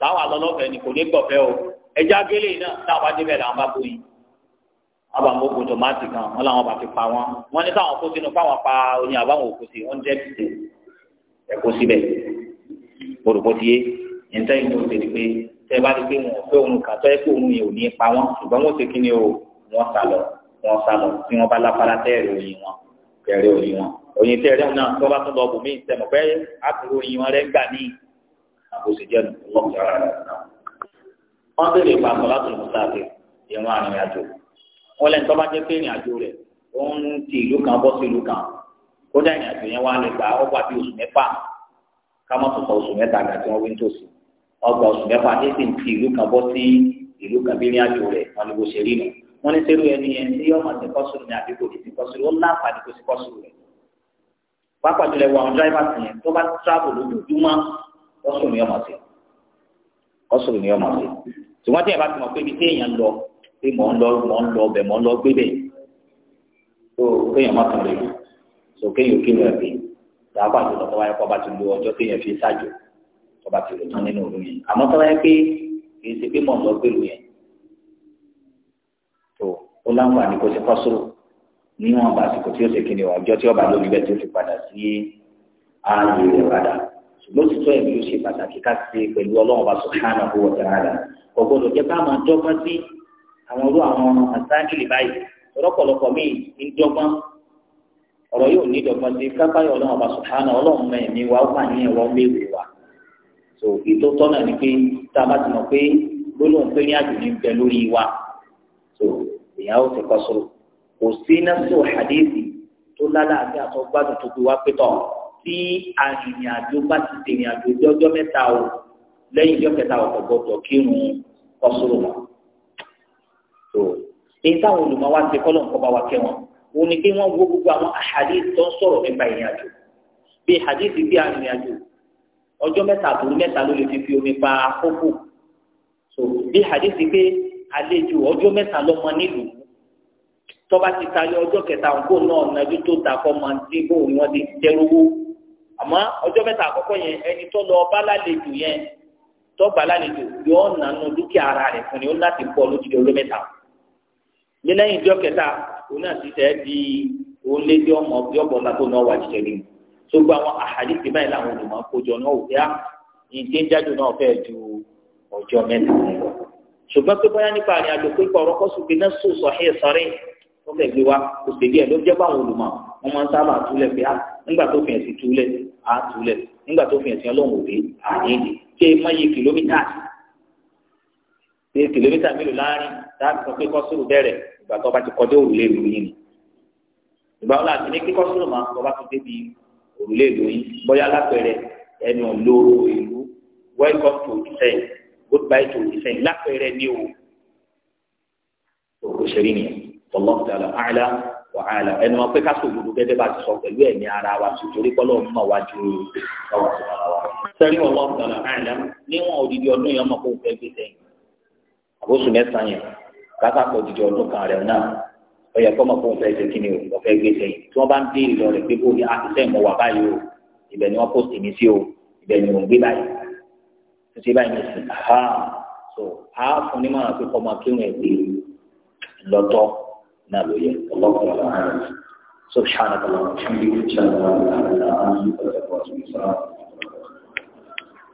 táwọn àlọ́lọ́fẹ́ ni kò ní gbọ̀fẹ́ o ẹja gélé náà táwọn bá débẹ̀ làwọn bá bóyin wọn bá ń gbógun tòmátì kan wọn làwọn bá fi pa wọn wọn ní táwọn kó sínú fáwọn pa oyin àbáwọn òkú sí wọn jẹ́ ẹ̀kọ́ síbẹ̀ olùkọ́ ti yé níta ìlú ó tẹ̀lé pé tẹ́ bá rí pé wọn ò fẹ́ òun kà tọ́ ẹ pé òun yẹn ò ní pa wọn ṣùgbọ́n wọn ti kí ni o wọn sá lọ wọn sá lọ tí wọn bá lápára tẹ́ẹ̀rẹ̀ òyìn wọn tẹ́ẹ̀rẹ̀ òyìn wọn òyìn tẹ́ẹ̀rẹ̀ náà tó bá tún lọ bùnmí ìtẹ̀mọ̀ pé àkùrọ̀ òyìn wọn rẹ̀ gbà ní àkóso jẹ́ lọ́kùnrin ara rẹ̀ náà wọn bèrè pa sọlátù mùsàfì ìrún àrìn àjò wọn lẹni tó bá jẹ pé ìrìn àjò rẹ ó ń ti ìlú kan bọ́ sí ìlú kan kódà ìrìn àjò yẹn wà lè gbà ó wà oṣù mẹ́fà ká má sọ̀tọ̀ oṣù mẹ́ta àgbà tí wọ́n wí nítòsí ọgbà oṣù mẹ́fà ní sì ń ti ìlú kan bọ́ sí ìlú kan bí ní àjò rẹ̀ wọn ni bó ṣe rí nù wọn ní sẹ́rù ẹni yẹn tí yọ́ọ́ máa ti kọ́sùrù ní àdúgbò ní ti kọ́sùrù ó láǹfààní kó sí kọ́sùrù rẹ̀ pápá jùlọ ìwà àwọn dráìvà sì yẹn tó bá tíráàbù lójoojúmọ́ kọ́sùrù ni yọ́ọ́ máa ṣe kọ́sùrù ni yọ́ọ́ máa ṣe ṣùgbọ́n tí ẹ bá ti mọ̀ pé ibi tí èèyàn lọ pé mọ̀ ń lọ mọ̀ ń lọ bẹ̀ mọ̀ ń lọ gbé bẹ̀ tó kéèyàn má tún lè so tọba ti lò tán nínú òru yẹn àmọ́ tọ́lá yẹn pé kì í ṣe pé mọ̀ ń lọ pẹ̀lú yẹn tó ó láǹfààní kó ṣe kọ́sùrù níwọ̀n bá àsìkò tí ó ṣe kíni ọjọ́ tí ọba lórí bẹ́ẹ̀ tó fi padà sí ààyè rẹ̀ padà ṣùgbọ́n títọ́ ẹ̀mí ó ṣe pàtàkì ká ṣe pẹ̀lú ọlọ́run bá subhanahu wa ta'ala ọgbọ́dọ̀ jẹ́ bá máa dọ́gbọ́n sí àwọn irú àwọn àsáńkìlì báyìí ọ̀rọ̀pọ̀lọpọ̀ míì ń dọ́gbọ́n ọ̀rọ̀ yóò ní dọ́gbọ́n sí kápáyọ̀ ọlọ́run bá subhanahu ọlọ́run mẹ́ẹ̀mí wa ó mà ní ẹ̀rọ méwèé wa so ètò tọ́nà ni pé tá a bá ti mọ̀ pé gbólóhùn pé ní àjò ní bẹ lórí wa so èèyàn ó ti kọ́ so kò sí nẹ́sọ̀ hadithi tó lálàáfíà tó gbádùn tó fi wá pé tọ̀ tí arìnrìnàjò bá ti tẹ̀rìnàjò lọ́jọ́ mẹ́ta o lẹ́yìn ìjọ kẹta ọ̀pọ̀ gbọdọ̀ kírun kọ́ sóró wọn so èyí táwọn olùmọ̀ wá ti kọ́ lọ́nkọ́ bá wa kẹ́ wọn òun ni pé wọ́n wo gbogbo àwọn àhàdí tó ń sọ̀rọ̀ nípa ìrìnàjò bíi àhàdí ti bí arìnrìnàjò ọjọ́ mẹ́ta àtòrú mẹ́ta ló lè fi fi omi pa kókò so bí hadithi pé àlejò ọjọ́ mẹ́ta lọ́mọ nílùú tọ́ba ti tayọ ọjọ́ kẹta òǹkó náà nàdú tó ta kọ́ máa ń tí bóun wọn ti jẹ́rówó àmọ́ ọjọ́ mẹ́ta àkọ́kọ́ yẹn ẹni tó lọ bá lálejò yẹn tọ́gbà lálejò yóò nànú dúkìá ara rẹ̀ fún ni ó láti bọ́ lójúde ọjọ́ mẹ́ta ní lẹ́yìn ọjọ́ kẹta òun náà ti tẹ́ di òun lé bí ọmọ bí ọ̀pọ̀ ọ̀la tó náà wà jíjẹ nínú gbogbo àwọn àhàdìsí báyìí làwọn olùmọ̀ àkójọ náà wò yá ah, ìdí ń jáde náà fẹ́ẹ́ ju ọjọ́ mẹ́ta lọ ṣùgbọ́n pé bóyá nípa àrìn àjò pé ọ̀rọ̀ kọ́ pé náà sùn wa kò sì ló wọn máa ń sábà pé á ah, nígbà tó sí á nígbà tó sí òde ṣé kìlómítà ṣe kìlómítà mélòó láàrin láti sọ pé ìgbà tó bá ti kọjá òrùlé ìròyìn òrùlé lóyún bóyá lápẹẹrẹ ẹnu lóró ìlú welcome to the design goodbye to design lápẹẹrẹ ní o òṣèré nìyẹn tọlọ́ọ̀tì àlọ́ àlá wàhálà ẹnu wọn pé ká sọ òdodo gẹ́gẹ́ bá ti sọ pẹ̀lú ẹ̀mí ara wa torí kọ́lọ́ ń mọ̀ wá ju ọwọ́ sí ara wa. sẹ́rí ọlọ́ ọ̀dọ̀lọ̀ àìlá níwọ̀n odidi ọdún yẹn ọmọ kó fẹ́ gbé sẹ́yìn àbóṣù mẹ́sàn-án yẹn kásá pọ̀ ọdún kan rẹ̀ náà ó yẹ kó o fẹ́ gbé sẹ́yìn tí wọ́n bá ń béèrè lọ rẹ̀ pé bó ni àtisẹ́ ìmọ̀ wà báyìí o ibẹ̀ ni wọ́n post mi sí o ibẹ̀ ni òun gbé báyìí tó ṣe báyìí ní sùn ha so a fún ní màá pé ọmọ akínrin ẹ̀ pé lọ́tọ́ náà ló yẹ ọlọ́kùnrin ọ̀la سبحانك اللهم وبحمدك اشهد ان لا اله الا انت استغفرك واتوب اليك